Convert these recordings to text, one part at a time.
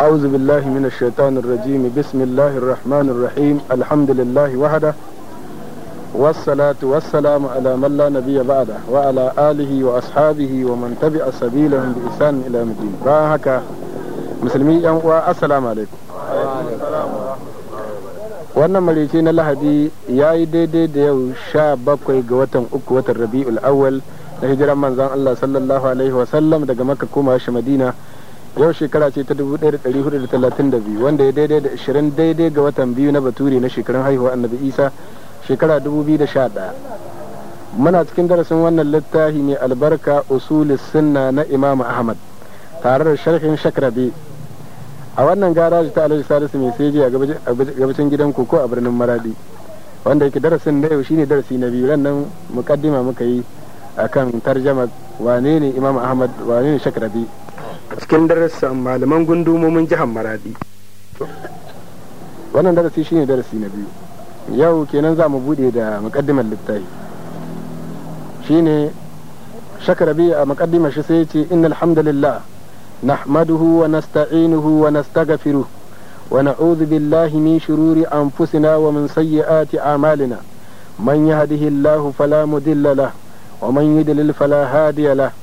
أعوذ بالله من الشيطان الرجيم بسم الله الرحمن الرحيم الحمد لله وحده والصلاة والسلام على من لا نبي بعده وعلى آله وأصحابه ومن تبع سبيلهم بإحسان إلى مدين باهك مسلمي السلام عليكم wannan marici na lahadi ya yi daidai da yau sha bakwai ga watan uku watan rabi'ul awwal na hijiran manzan allah sallallahu alaihi wasallam daga makka koma shi madina yau shekara ce ta 1432 wanda ya daidai da 20 daidai ga watan biyu na baturi na shekarun haihuwa annabi isa shekara 2011 muna cikin darasin wannan littafi mai albarka usuli sunna na imamu ahmad tare da sharhin shakrabi a wannan garaji ta alhaji salisu mai seji a gabacin gidan koko a birnin maradi wanda yake darasin na yau shine darasi na biyu ran nan mukaddima muka yi akan tarjama wane ne imamu ahmad wane ne shakrabi a cikin darussan malaman gundumomin jihar maradi wannan darasi shine darasi na biyu yau kenan za mu bude da mukaddimar littafi shine shakarabi a mukaddimar shi sai ce innal hamdalillah nahmaduhu wa nasta'inuhu wa nastaghfiruh wa na'udhu billahi min shururi anfusina wa min sayyiati a'malina man yahdihillahu fala mudilla lahu wa man yudlil fala hadiya lahu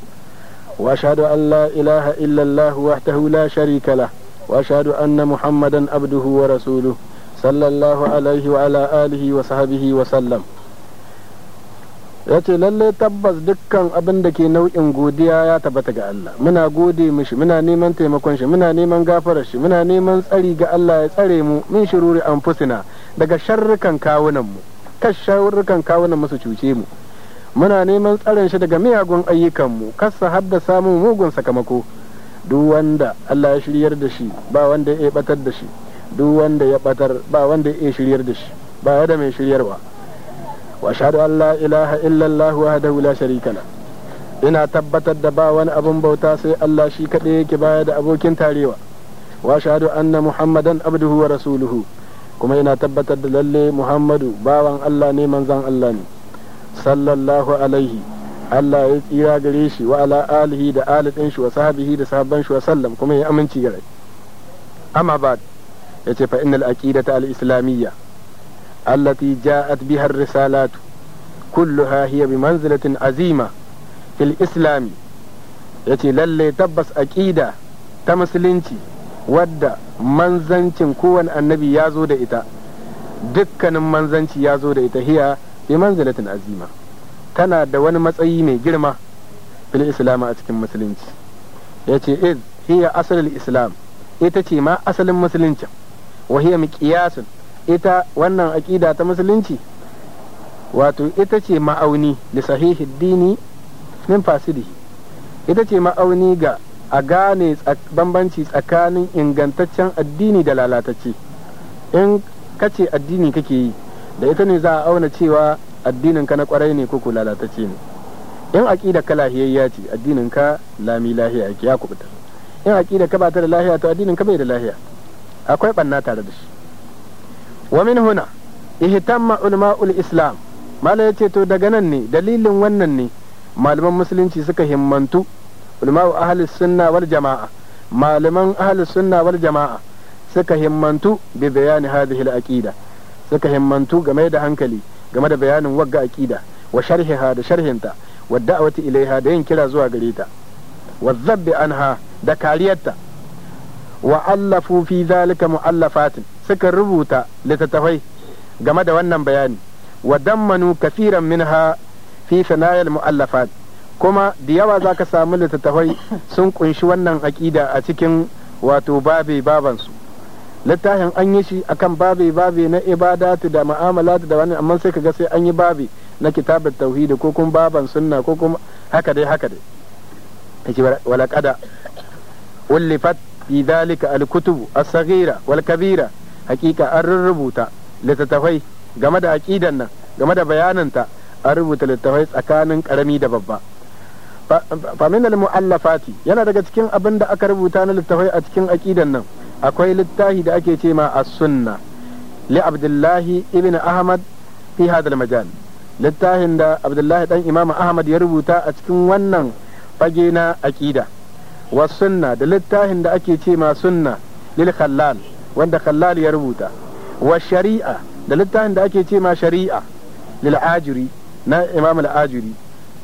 واشهد ان لا اله الا الله وحده لا شريك له واشهد ان محمدا عبده ورسوله صلى الله عليه وعلى آله وصحبه وسلم yace lalle tabbas dukkan abin da ke nau'in godiya ya tabbata ga Allah muna gode mishi muna neman taimakon shi muna neman gafarar shi muna neman tsari ga Allah ya tsare mu min shiruri anfusina daga sharrukan kawunan mu kash sharrukan kawunan mu su cuce mu muna neman tsarin shi daga miyagun ayyukanmu kasa hadda samun mugun sakamako duk wanda Allah ya shiryar da shi ba wanda ya batar da shi duk wanda ya batar ba wanda ya shiryar da shi ba ya da mai shiryarwa wa shahadu an la ilaha illallah wahdahu la sharika la ina tabbatar da ba wani abun bauta sai Allah shi kaɗai yake baya da abokin tarewa wa shahadu anna muhammadan abduhu wa rasuluhu kuma ina tabbatar da lalle muhammadu bawan Allah ne manzan Allah ne sallallahu alaihi Allah ya tsira gare shi wa ala alihi da alidin shi wa sahabihi da sahabban shi wa sallam kuma ya aminci gare amma ba ya ce fa innal aqidata al islamiyya allati ja'at biha ar risalat kulluha hiya bi manzilatin azima fil Ya ce lalle tabbas aqida ta musulunci wadda manzancin kowane annabi ya zo da ita dukkanin manzanci ya zo da ita hiya bi manzilatin azima tana da wani matsayi mai girma fil islam a cikin musulunci yace iz hiya asalul islam ita ce ma asalin musulunci wa hiya miqyasun ita wannan aqida ta musulunci wato ita ce ma'auni li sahihi dini min fasidihi ita ce ma'auni ga a gane bambanci tsakanin ingantaccen addini da lalatacce in kace addini kake yi da ita ne za a auna cewa addinin ka na kwarai ne ko lalatacce ne in aqida ka lahiyayya ce addinin ka lami lahiya yake ya kubuta in aqida ka ba ta da lahiya to addinin ka bai da lahiya akwai banna tare da shi wa min huna ihtamma ul islam mala yace to daga nan ne dalilin wannan ne malaman musulunci suka himmantu ulama ahli sunna wal jama'a malaman ahli sunna wal jama'a suka himmantu bi bayani hadhihi al aqida suka himmantu game da hankali game da bayanin wagga aqida wa sharhiha da sharhinta wa da'wati ilaiha da yin kira zuwa gare ta wa zabbi anha da kariyarta wa allafu fi zalika muallafatin suka rubuta littattafai game da wannan bayani wa dammanu kafiran minha fi sanayal muallafat kuma da yawa zaka samu littattafai sun kunshi wannan aqida a cikin wato babe babansu littafin an yi shi akan babi babi na ibadatu da ma'amala da wani amma sai kaga sai an yi babi na kitabar tauhidi ko kuma baban sunna ko kuma haka dai haka dai yake wala qada ulifat bi dhalika al as-saghira wal kabira hakika an rubuta littattafai game da aqidan nan game da bayananta an rubuta littafai tsakanin karami da babba min al-mu'allafati yana daga cikin abin da aka rubuta na littafai a cikin aqidan nan akwai littafi da ake ce ma as-sunna li abdullahi ibn ahmad fi hadal majal littafin da abdullahi dan imam ahmad ya rubuta a cikin wannan fage na aqida was sunna da littafin da ake ce ma sunna lil khallal wanda khallal ya rubuta wa shari'a da littafin da ake ce ma shari'a lil ajuri na imam al ajuri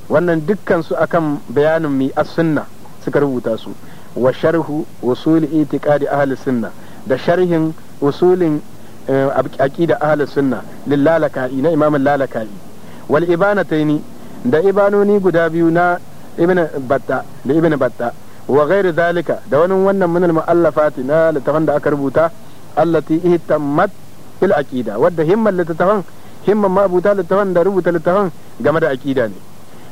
wannan dukkan su akan bayanin mi as sunna suka rubuta su wa sharhu usul itiqadi ahli sunna da sharhin usulin eh, aqida ahli sunna lil lalaka'i na imam lalaka'i wal ibanataini da ibanoni guda biyu na ibn batta da ibn batta wa ghairu zalika da wani wannan min al muallafati na littafan da aka rubuta allati ihtammat fil aqida wadda himman littafan himman mabuta littafan da rubuta littafan game da aqida ne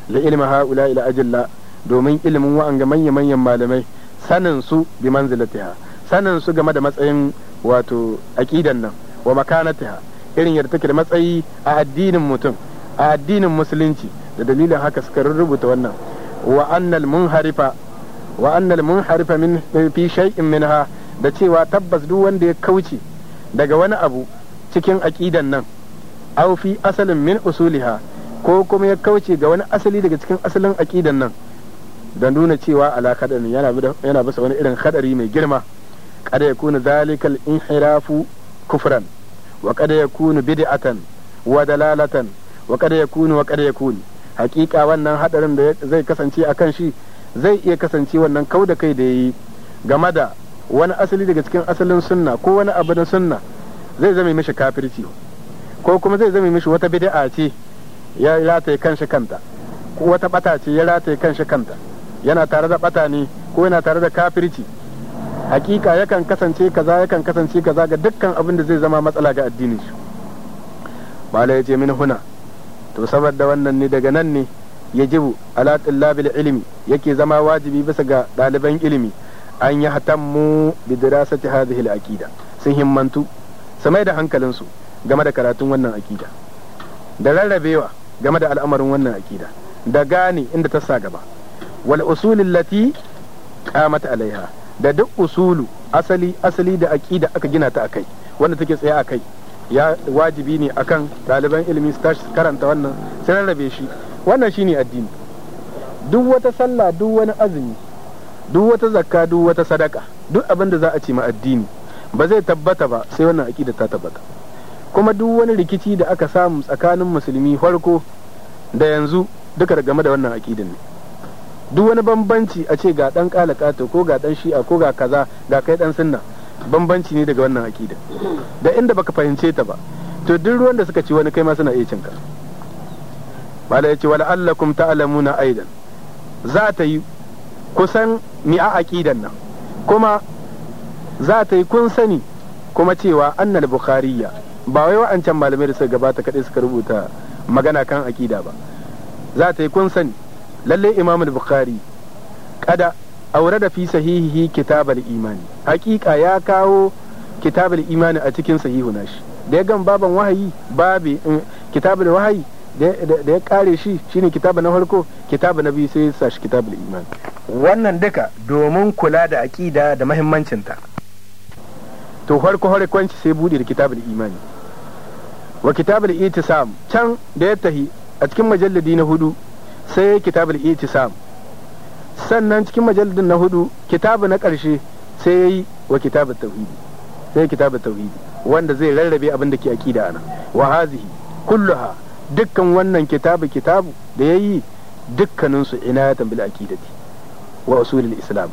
li ilmi haula ila ajalla domin ilimin wa'anga manya manyan malamai sanin su bi manzilatiha sanin su game da matsayin wato aqidan nan wa makanatiha irin yadda take da matsayi a addinin mutum a addinin musulunci da dalilin haka suka rubuta wannan wa annal munharifa wa annal munharifa min fi shay'in minha da cewa tabbas duk wanda ya kauce daga wani abu cikin aqidan nan aw fi asalin min usuliha ko kuma ya kauce ga wani asali daga cikin asalin aqidan nan Don nuna cewa ala yana bisa wani irin haɗari mai girma kada ya kuna zalikal inhirafu kufran wa kada ya kuna bid'atan wa dalalatan wa kada ya kuna wa kada ya kuna hakika wannan hadarin da zai kasance a kan shi zai iya kasance wannan kau da kai da yi game da wani asali daga cikin asalin sunna ko wani abu na sunna zai zama mishi kafirci ko kuma zai zama mishi wata bid'a ce ya rataye kanshi kanta ko wata bata ce ya rataye kanshi kanta yana tare da bata ne ko yana tare da kafirci hakika yakan kasance kaza yakan kasance kaza ga dukkan abin da zai zama matsala ga addinin shi mala ya ce min huna to saboda wannan ne daga nan ne ya jibu ala tillabil ilimi yake zama wajibi bisa ga ɗaliban ilimi an yi hatammu bi dirasati hadhihi al-aqida sun himmantu su mai da hankalinsu game da karatun wannan aqida da rarrabewa game da al'amarin wannan akida da gane inda ta sa gaba wal usulin lati qamat alaiha da duk usulu asali asali da aqida aka gina ta akai wanda take tsaye akai ya wajibi ne akan ɗaliban ilimi su karanta wannan sai rarrabe shi wannan shine addini duk wata sallah duk wani azumi duk wata zakka duk wata sadaka duk abin da za a ce ma addini ba zai tabbata ba sai wannan aqida ta tabbata kuma duk wani rikici da aka samu tsakanin musulmi farko da yanzu duka game da wannan aqidin ne duk wani bambanci a ce ga dan kalakata ko ga dan shi'a ko ga kaza ga kai dan sunna bambanci ne daga wannan akida da inda baka fahimce ta ba to duk ruwan da suka ci wani kai ma suna iya cinka mala yace wala allakum ta'lamuna aidan za ta yi kusan ni a akidan nan kuma za ta yi kun sani kuma cewa annal bukhariya ba wai wa'ancan malamai da suka gabata kadai suka rubuta magana kan akida ba za ta yi kun sani lalle imam bukhari kada aure da fi sahihihi kitabal imani hakika ya kawo kitabul imani a cikin sahihu nashi da ya gan baban wahayi babi eh, kitabul wahayi da ya kare shi shine kitabu na farko kitabu na biyu sai sa sashi kitabul imani wannan duka domin kula da aqida da muhimmancinta to farko farkonci sai bude da kitabul imani wa kitabul itisam can da ya tahi a cikin majalladi na hudu sai kitabul itisam sannan cikin majalidin na hudu kitabu na ƙarshe sai ya yi wa kitabu tauhidi sai kitabu tauhidi wanda zai rarrabe abin da ke aqida ana wa hazihi kulluha dukkan wannan kitabu kitabu da yayi dukkanin su inayatan bil aqidati wa usulil islam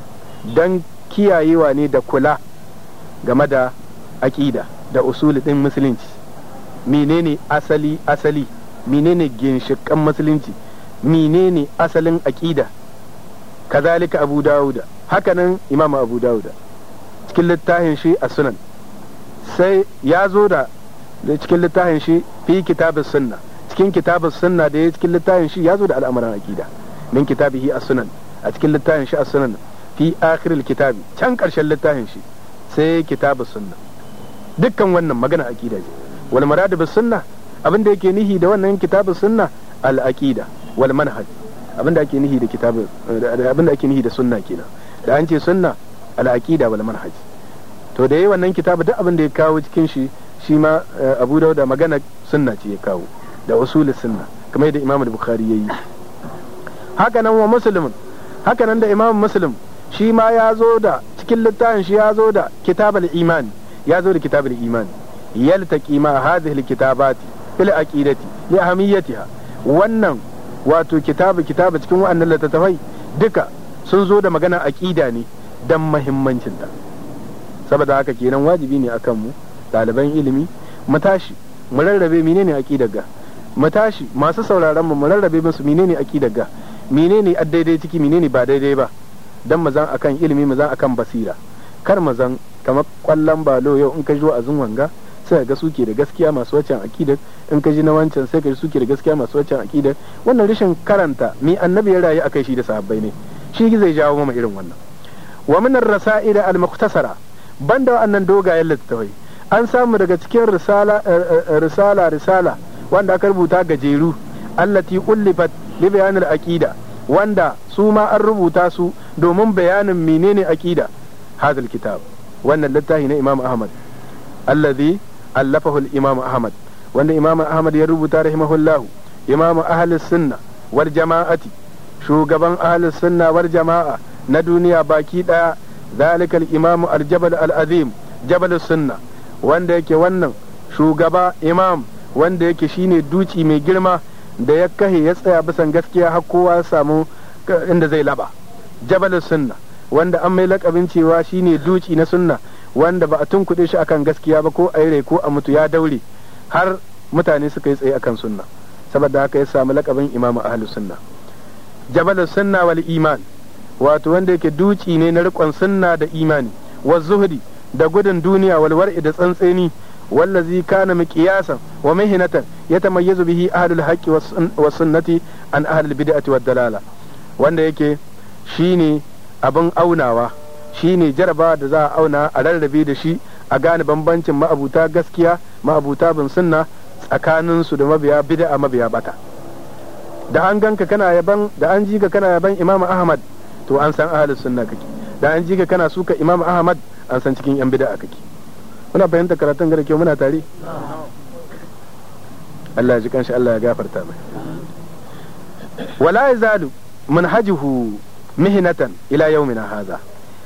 dan kiyayewa ne da kula game da aqida da usuli din musulunci menene asali asali menene ginshikan musulunci menene asalin aƙida kazalika abu dawuda hakanan imam abu dawuda cikin littafin shi a sunan sai ya zo da cikin littafin shi fi kitabin sunna cikin kitabin sunna da ya cikin littafin shi ya zo da al'amuran aƙida min kitabihi a sunan a cikin littafin shi a sunan fi akhiril kitabi can ƙarshen littafin shi sai kitabin sunna dukkan wannan magana aƙida ce wal muradu bis sunna abin da yake nihi da wannan kitabin sunna al aqida wal manhaj abinda ake nihi da kitabin abinda ake nihi da sunna kenan da an ce sunna al aqida wal manhaj to da yai wannan kitabu duk abinda ya kawo cikin shi shi ma eh, Abu Dawud magana sunna ce ya kawo da usul sunna kamar da Imam Bukhari yayi haka nan wa Muslim haka nan da Imam Muslim shi ma ya zo da cikin littafin shi ya zo da kitabul iman ya zo da kitabul iman yaltaqi ma hadhihi alkitabati bil aqidati li ahamiyatiha wannan wato kitabu kitabu cikin wa'annan littattafai duka sun zo da magana aƙida ne don mahimmancinta saboda haka kenan wajibi ne akan mu ɗaliban ilimi mu tashi mu rarrabe menene aƙidar ga mu tashi masu sauraron mu mu rarrabe musu menene aƙidar ga menene a daidai ciki menene ba daidai ba don mu zan akan ilimi mu zan akan basira kar mu zan kamar kwallon balo yau in ka zo a wanga. sai ga suke da gaskiya masu waccan akidar in ka ji na wancan sai ka ji suke da gaskiya masu waccan akidar wannan rashin karanta mi annabi ya rayu akai shi da sahabbai ne shi zai jawo mama irin wannan wa minar rasa'il al-mukhtasara banda wa'annan dogayen littattafai an samu daga cikin risala eh, eh, eh, risala risala wanda aka rubuta gajeru allati ullifat li bayanil aqida wanda su ma an rubuta su domin bayanin menene aqida hadal kitab wannan littafi na imam ahmad alladhi allafahu al-imam ahmad wanda imam ahmad ya rubuta rahima rahimahullahu imam ahli sunna wal jama'ati shugaban ahli sunna war jama'a na duniya baki ɗaya zalikal al-imam al-jabal al-azim jabal sunna wannan shugaba imam wanda yake shine duci mai girma da ya kahe ya tsaya bisan gaskiya har kowa samu inda zai laba jabal sunna wanda an mai lakabin cewa shine duci na sunna wanda ba a tunkuɗe shi akan gaskiya ba ko a yi ko a mutu ya daure har mutane suka yi tsaye akan sunna saboda haka ya samu lakabin imamu ahlu sunna jabal sunna wal iman wato wanda yake duci ne na riƙon sunna da imani wa zuhdi da gudun duniya wal war'i da tsantseni wallazi kana miqyasan wa mihnatan yatamayyazu bihi ahli haqqi was sunnati an ahli albid'ati wad dalala wanda yake shine abin aunawa ne jaraba da za a auna a rarrabe da shi a gane bambancin ma'abuta gaskiya ma'abuta bin sunna tsakanin su da mabiya bid'a mabiya bata da an ganka kana yaban da an ji ka kana yaban Imam Ahmad to an san ahlus sunna kake da an ji ka kana suka Imam Ahmad an san cikin yan bid'a kake muna fahimta karatun gara kyau muna tare Allah ya ji kanshi Allah ya gafarta mai wala yazalu manhajuhu mihnatan ila yawmina hadha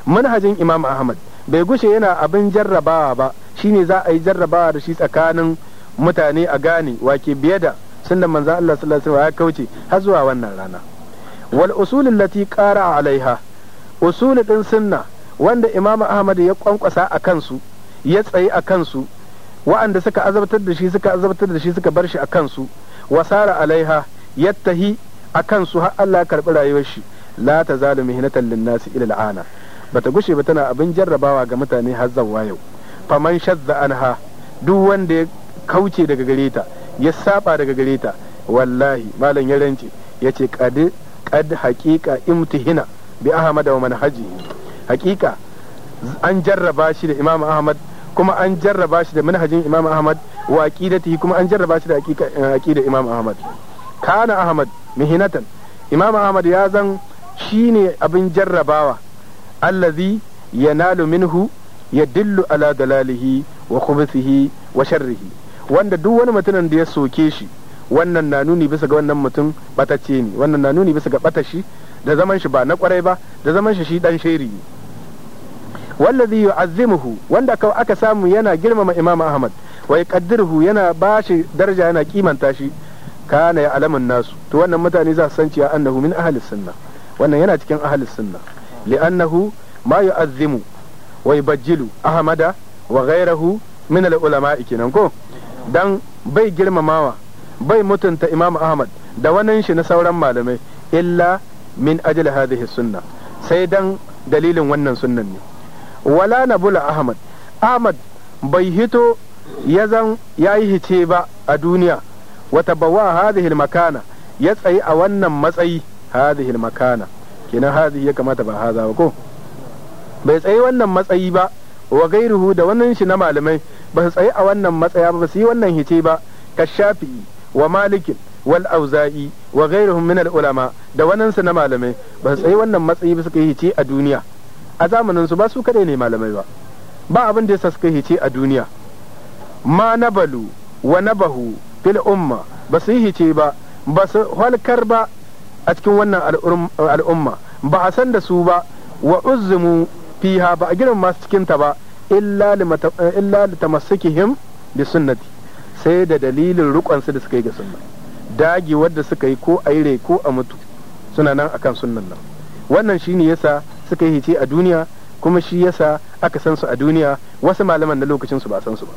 manhajin imam ahmad bai gushe yana abin jarrabawa ba shine za a yi jarrabawa da shi tsakanin mutane a gane wake biye da da manzan Allah sallallahu alaihi ya kauce har zuwa wannan rana wal usulin allati a alaiha usuli din sunna wanda imam ahmad ya kwankwasa a kansu ya tsaye a kansu wa'anda suka azabtar da shi suka azabtar da shi suka bar shi a kansu wasara alaiha yattahi a kansu har Allah karbi rayuwar shi la tazalu mihnatan lin nasi ila al'ana bata gushe ba tana abin jarrabawa ga mutane har zawa yau faman shadda anha duk wanda ya kauce daga gare ta ya saba daga gare ta wallahi malam ya rance yace kadi kad haqiqa imtihina bi ahmad wa manhaji haqiqa an jarraba shi da imam ahmad kuma an jarraba shi da manhajin imam ahmad wa aqidatihi kuma an jarraba shi da eh, aqida imam ahmad kana ahmad mihinatan imam ahmad ya zan shine abin jarrabawa allazi yanalu minhu ya dillu ala dalalihi wa khubuthihi wa sharrihi wanda duk wani mutumin da ya soke shi wannan na nuni bisa ga wannan mutum batacce ne wannan na nuni bisa ga batashi da zaman shi ba na kwarai ba da zaman shi shi dan sharii ne wallazi yu'azzimuhu wanda kawai aka samu yana girmama imam ahmad wa yaqaddiruhu yana bashi daraja yana kimanta shi kana ya alamin nasu to wannan mutane za su san cewa annahu min ahli sunna wannan yana cikin ahli sunna li'annahu ma yu'azzimu wa yubajjilu ahmada wa ghayrahu min al-ulama'i kenan ko dan bai girmamawa bai mutunta imam ahmad da wannan shi na sauran malamai illa min ajli hadhihi sunna sai dan dalilin wannan sunnan ne wala nabula ahmad ahmad bai hito ya zan yayi hice ba a duniya wata bawa hadhihi makana ya tsayi a wannan matsayi hadhihi makana kenan hazi ya kamata ba haza ba ko bai tsaye wannan matsayi ba wa gairuhu da wannan shi na malamai ba su tsaye a wannan matsaya ba su yi wannan hice ba ka shafi wa malikin wal auza'i wa gairuhum min al ulama da wannan su na malamai ba su tsaye wannan matsayi ba suka yi hice a duniya a zamanin su ba su kadai ne malamai ba ba abin da yasa suka yi hice a duniya ma nabalu wa nabahu fil umma ba su yi hice ba ba su halkar ba a cikin wannan al'umma ba a san da su ba wa uzzumu fiha ba a girma masu cikin ta ba illa li tamassukihim bi sunnati sai da dalilin su da suka yi ga sunna dagi wadda suka yi ko a ko a mutu suna nan akan sunnan nan wannan shine yasa suka yi hice a duniya kuma shi yasa aka san su a duniya wasu malaman na lokacin su ba san su ba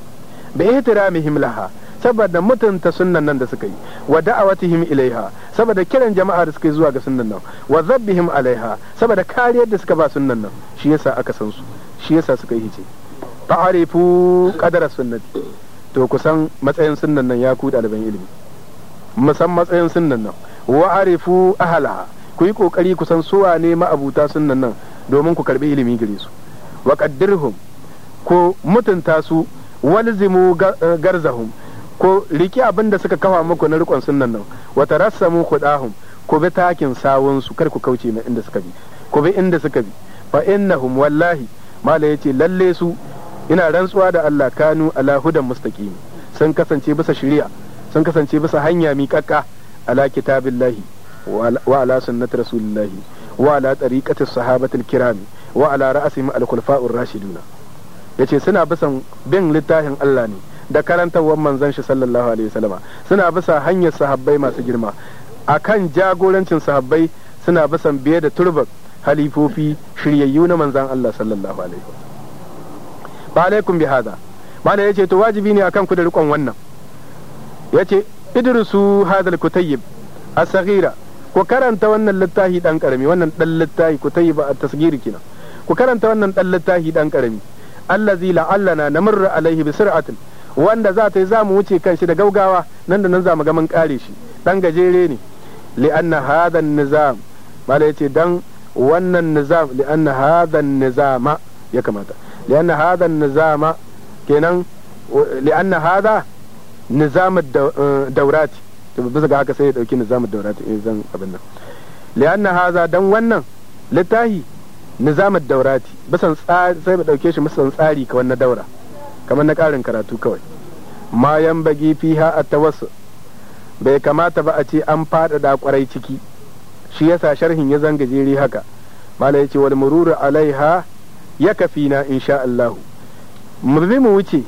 bi ihtiramihim laha saboda mutunta sunnan nan da suka yi wa da'awatihim ilaiha saboda kiran jama'a da suka yi zuwa ga sunnan nan wa zabbihim alaiha saboda kariyar da suka ba sunnan nan shi yasa aka san su shi yasa suka yi hice ta'arifu qadara sunnati to kusan matsayin sunnan nan ya ku ɗaliban ilimi musan matsayin sunnan nan wa arifu ku yi kokari kusan suwa ne ma'abuta sunnan nan domin ku karbi ilimi gare su wa qaddirhum ko mutunta su walzimu eh, garzahum ko riki abin da suka kafa muku na rikon sunnan nan Wata tarassamu mu ku bi takin sawun su kar ku kauce mai inda suka bi ku bi inda suka bi fa innahum wallahi mala yace lalle su ina rantsuwa da Allah kanu ala hudan mustaqim sun kasance bisa shari'a sun kasance bisa hanya miƙaƙƙa ala kitabillahi wa ala sunnati rasulillahi wa ala tariqati sahabatil kirami wa ala ra'asihim al-khulafa'ur rashiduna yace suna bisa bin littafin Allah ne da karantarwar manzon shi sallallahu alaihi wasallama suna bisa hanyar sahabbai masu girma akan jagorancin sahabbai suna bisan biye da turbar halifofi shiryayyu na manzan Allah sallallahu alaihi ba alaikum bi hada mana yace to wajibi ne akan ku da rikon wannan yace idrisu hadal kutayyib as ku karanta wannan littafi dan karami wannan dan littafi kutayyib at-tasghiri kina ku karanta wannan dan littafi dan karami allazi la'allana namurra alaihi bi sir'atin wanda za ta yi za mu wuce kan shi da gaugawa nan da nan za mu ga mun kare shi dan gajere ne li'anna hadha nizam mala yace dan wannan nizam li'anna hadha nizama ya kamata li'anna hadha nizama kenan li'anna hadha eh, nizam daurati to bisa ga haka sai ya dauki nizam daurati eh zan abin nan li'anna hadha dan wannan littahi nizam daurati bisan tsari sai mu dauke shi musan tsari ka wannan daura kamar na ƙarin karatu kawai ma yan bagi ha a wasu bai kamata ba a ce an faɗaɗa kwarai ciki shi ya sa sharhin ya zanga jeri haka mala ya ce wal mururu alaiha ya kafina insha Allahu mu bi mu wuce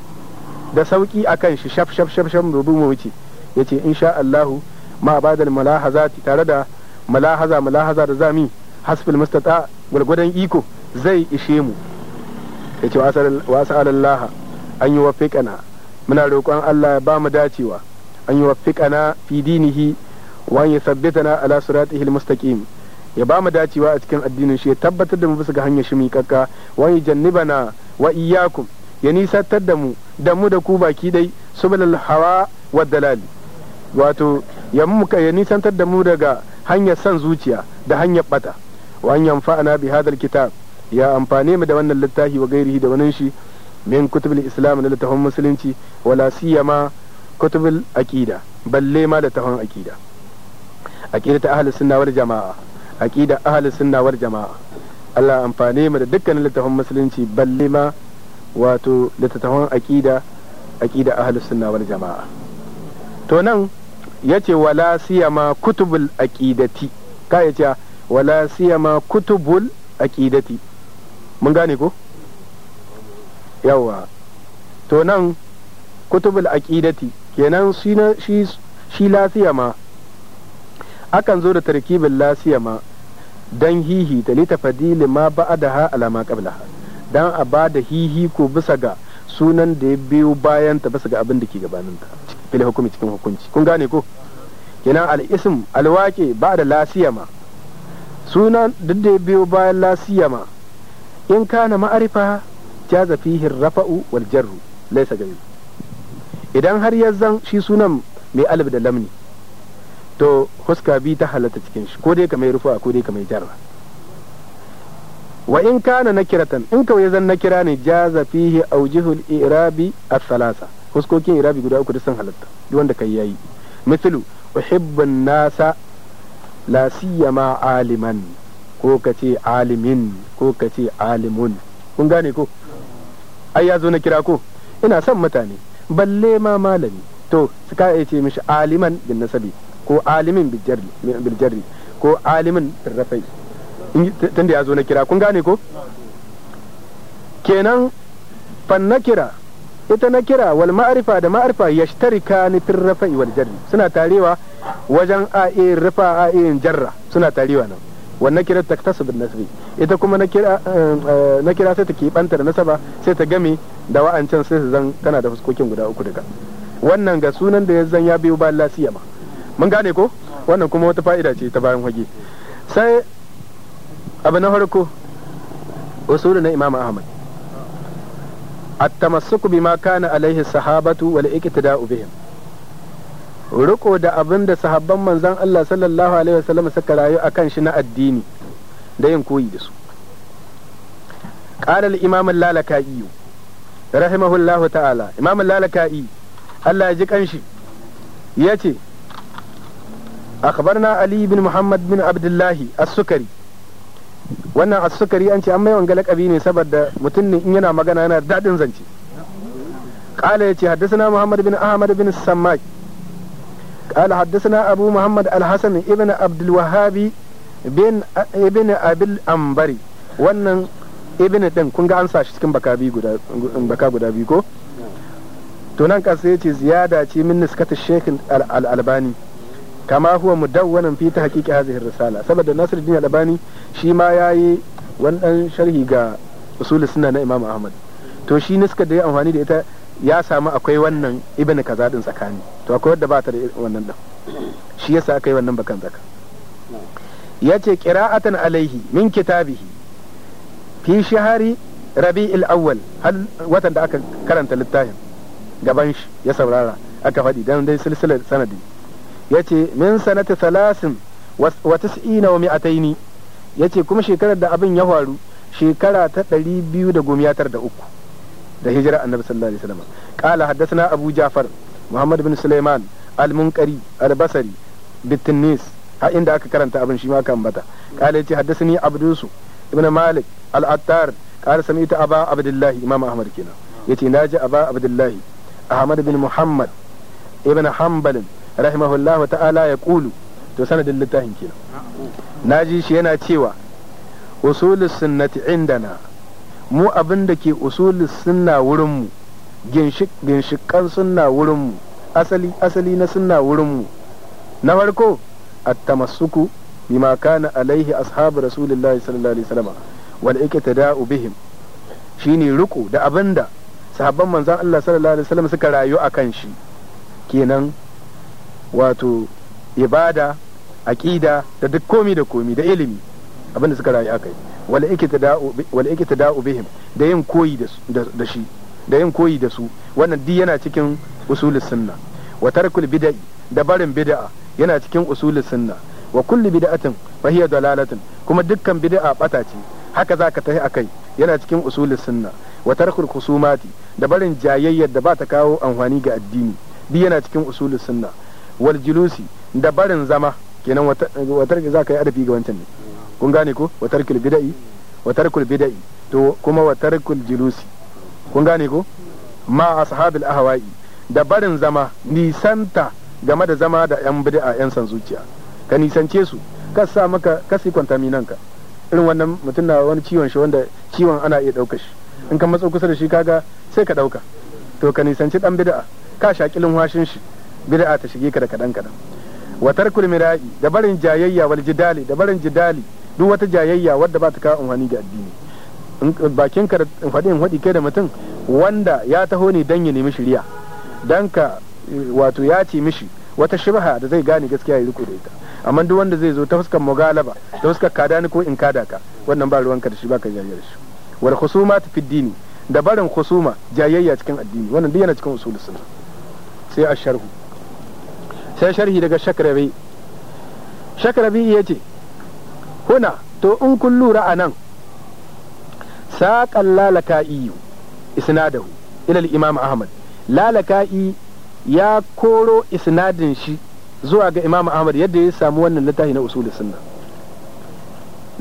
da sauki akan shi shaf shaf shaf shaf mu bi mu wuce yace insha Allahu ma badal malahaza tare da malahaza malahaza da zami hasbil mustata gwargwadon iko zai ishe mu ya ce wa sa'alallaha an yi wafiƙana muna roƙon Allah ya ba mu dacewa an yi wafiƙana fi dinihi wa an na ala siratihi almustaqim ya ba mu dacewa a cikin addinin shi ya tabbatar da mu bisa ga hanyar shi miƙaƙƙa wa bana wa iyyakum ya nisantar da mu da mu da ku baki dai subulal hawa wa dalali wato ya ya nisantar da mu daga hanyar san zuciya da hanyar bata wa an yanfa'ana bi hadal kitab ya amfane mu da wannan littafi wa gairihi da wannan shi min kutubul islam na littafin musulunci wala siyama kutubul aqida balle ma littafin aqida aqida ta ahlus sunna wal jamaa aqida ahlus sunna wal jamaa Allah amfane mu da dukkanin littafin musulunci balle ma wato littafin aqida aqida ahlus sunna wal jamaa to nan yace wala siyama kutubul aqidati ka yace wala siyama kutubul aqidati mun gane ko yawa to nan kutubul aqidati kenan shi shi shi ma akan zo da tarkibin ma dan hihi da litafadili ma ha alama qablaha dan a ba da hihi ko bisa ga sunan da ya biyo bayan ta bisa ga abin da ke gabanin ta fil hukumi cikin hukunci kun gane ko kenan al ism al waqi ba da ma sunan duk da ya biyo bayan ma in kana ma'arifa jaza fihi rafa'u wal jarru laysa gairu idan har ya zan shi sunan mai alif da lamni to huska bi ta halatta cikin shi ko dai ka mai rufa ko dai ka mai jarra wa in kana nakiratan in kawai zan nakira ne jaza fihi awjihul i'rabi as-salasa huskokin i'rabi guda uku sun halatta duk wanda kai yayi mithlu uhibbu nasa la siyama aliman ko kace alimin ko kace alimun kun gane ko ai ya zo na kira ko ina son mutane balle ma malami to suka ya ce mishi aliman bin nasabi ko alimin bil jarri ko alimin bil rafai tunda ya zo na kira kun gane ko kenan fan na kira ita na kira wal ma'arifa da ma'arifa yashtarika ni fil rafa'i wal jarri suna tarewa wajen a'in rafa a'in jarra suna tarewa nan wannan kira ta tasu bin nasbi ita kuma eh, eh, na kira sai ta keɓanta da nasaba sai ta game da wa'ancan sai su zan tana da fuskokin guda uku daga wannan ga sunan da ya zan ya biyo bayan lasiya ma mun gane ko wannan kuma wata fa'ida ce ta bayan hage sai abu na farko usulu na imam ahmad at-tamassuku bima kana alaihi sahabatu wal iqtida'u bihim riko da abin da sahabban manzan Allah sallallahu alaihi wasallam suka rayu kan shi na addini da yin koyi da su qala al-imam al-lalaka'i rahimahullahu ta'ala imam al-lalaka'i Allah ya ji kanshi yace akhbarna ali bin muhammad bin abdullahi as-sukari wannan as-sukari an ce an mai wanga lakabi ne saboda mutum ne in yana magana yana dadin zance qala yace haddathana muhammad bin ahmad bin samaki قال حدثنا أبو محمد الحسن ابن عبد الوهاب بن ابن أبي الأنبري wannan ibn din kun ga ansa shi cikin baka guda baka guda biyu ko to nan ka sai yace ziyada ci min niskata sheikh al-albani kama huwa mudawwanan fi tahqiqi hadhihi risala saboda nasiruddin al-albani shi ma yayi wani dan sharhi ga usul sunna na imam ahmad to shi niska da ya amfani da ita ya samu akwai wannan ibn kaza din tsakani to akwai wadda ba ta da wannan din shi yasa akai wannan bakan zaka yace qira'atan alaihi min kitabihi fi shahari rabi'il awwal hal watan da aka karanta littafin gaban shi ya saurara aka faɗi dan dai silsilar sanadi yace min sanati thalasin wa tis'ina wa mi'ataini yace kuma shekarar da abin ya faru shekara ta ɗari biyu da gomiyatar da uku da hijira annabi sallallahu alaihi wasallam qala haddathana abu ja'far muhammad bin sulaiman al-munqari al-basri bitinis ha inda aka karanta abin shi ma kan bata qala yace haddathani abdusu ibn malik al-attar qala sami'tu aba abdullah imam ahmad kenan yace naji aba abdullah ahmad bin muhammad ibn hanbal rahimahullahu ta'ala yaqulu to sanadin littafin kenan naji shi yana cewa usulus sunnati indana mu abin da ke usulis sunna wurinmu ginshikan sunna wurinmu asali asali na sunna wurinmu na farko at-tamassuku bima kana alaihi ashabu rasulillahi sallallahu alaihi wasallam wal iktida'u bihim shine ruku da abin da sahabban manzon Allah sallallahu alaihi wasallam suka rayu akan shi kenan wato ibada aqida da duk komi da komi da ilimi abin da suka rayu akai wal iktida'u bihim da yin koyi da shi da yin koyi da su wannan di yana cikin usulus sunna wa tarkul bid'i da barin bid'a yana cikin usulus sunna wa kullu bid'atin fa hiya dalalatin kuma dukkan bid'a bata ce haka zaka tafi akai yana cikin usulus sunna wa tarkul khusumati da barin jayayyar da ba ta kawo amfani ga addini di yana cikin usulus sunna wal julusi da barin zama kenan wa tarki zaka yi adabi ga wancan ne kun gane ko wa tarkul bida'i wa tarkul bida'i to kuma wa tarkul julusi kun gane ko ma ashabil ahwa'i da barin zama nisanta game da zama da yan bid'a yan san zuciya ka nisance su ka sa maka ka si kwanta irin wannan mutum na wani ciwon shi wanda ciwon ana iya daukar shi in ka matso kusa da shi kaga sai ka ɗauka to ka nisanci dan bid'a ka shakilin washin shi bid'a ta shige ka da kadan kadan wa tarkul mira'i da barin jayayya wal jidali da barin jidali duk wata jayayya wadda ba ta kawo amfani ga addini bakin ka faɗi in faɗi kai da mutum wanda ya taho ne dan ya nemi shirya dan ka eh, wato ya ce mishi wata shibha da zai gane gaskiya ya riko da ita amma duk wanda zai zo ta fuskar mugalaba ta fuskar kada ni ko in kada ka wannan ba ruwanka da shi baka jayayya da shi wal khusuma fi dini da barin khusuma jayayya cikin addini wannan duk yana cikin usulus sunna sai a sharhu sai sharhi daga shakrabi shakrabi yace huna to in kun lura a nan saƙan lalaka'i isnadahu ilal imam ahmad lalaka'i ya koro isnadin shi zuwa ga imam ahmad yadda ya samu wannan littafi na usulun sunna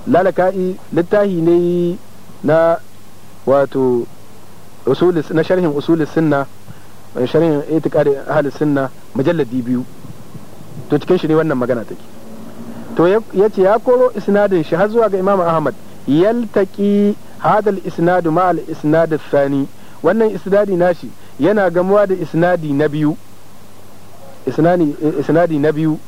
lalaka'i littafi ne na wato na sharhin usulun sunna sharhin itiqadi ahli sunna majalladi biyu to cikin shi ne wannan magana take to ya ce ya koro isnadin shi har zuwa ga imam ahmad yaltaki hadal isnadu ma al isnad thani wannan isnadi nashi yana gamuwa da isnadi na biyu isnadi na biyu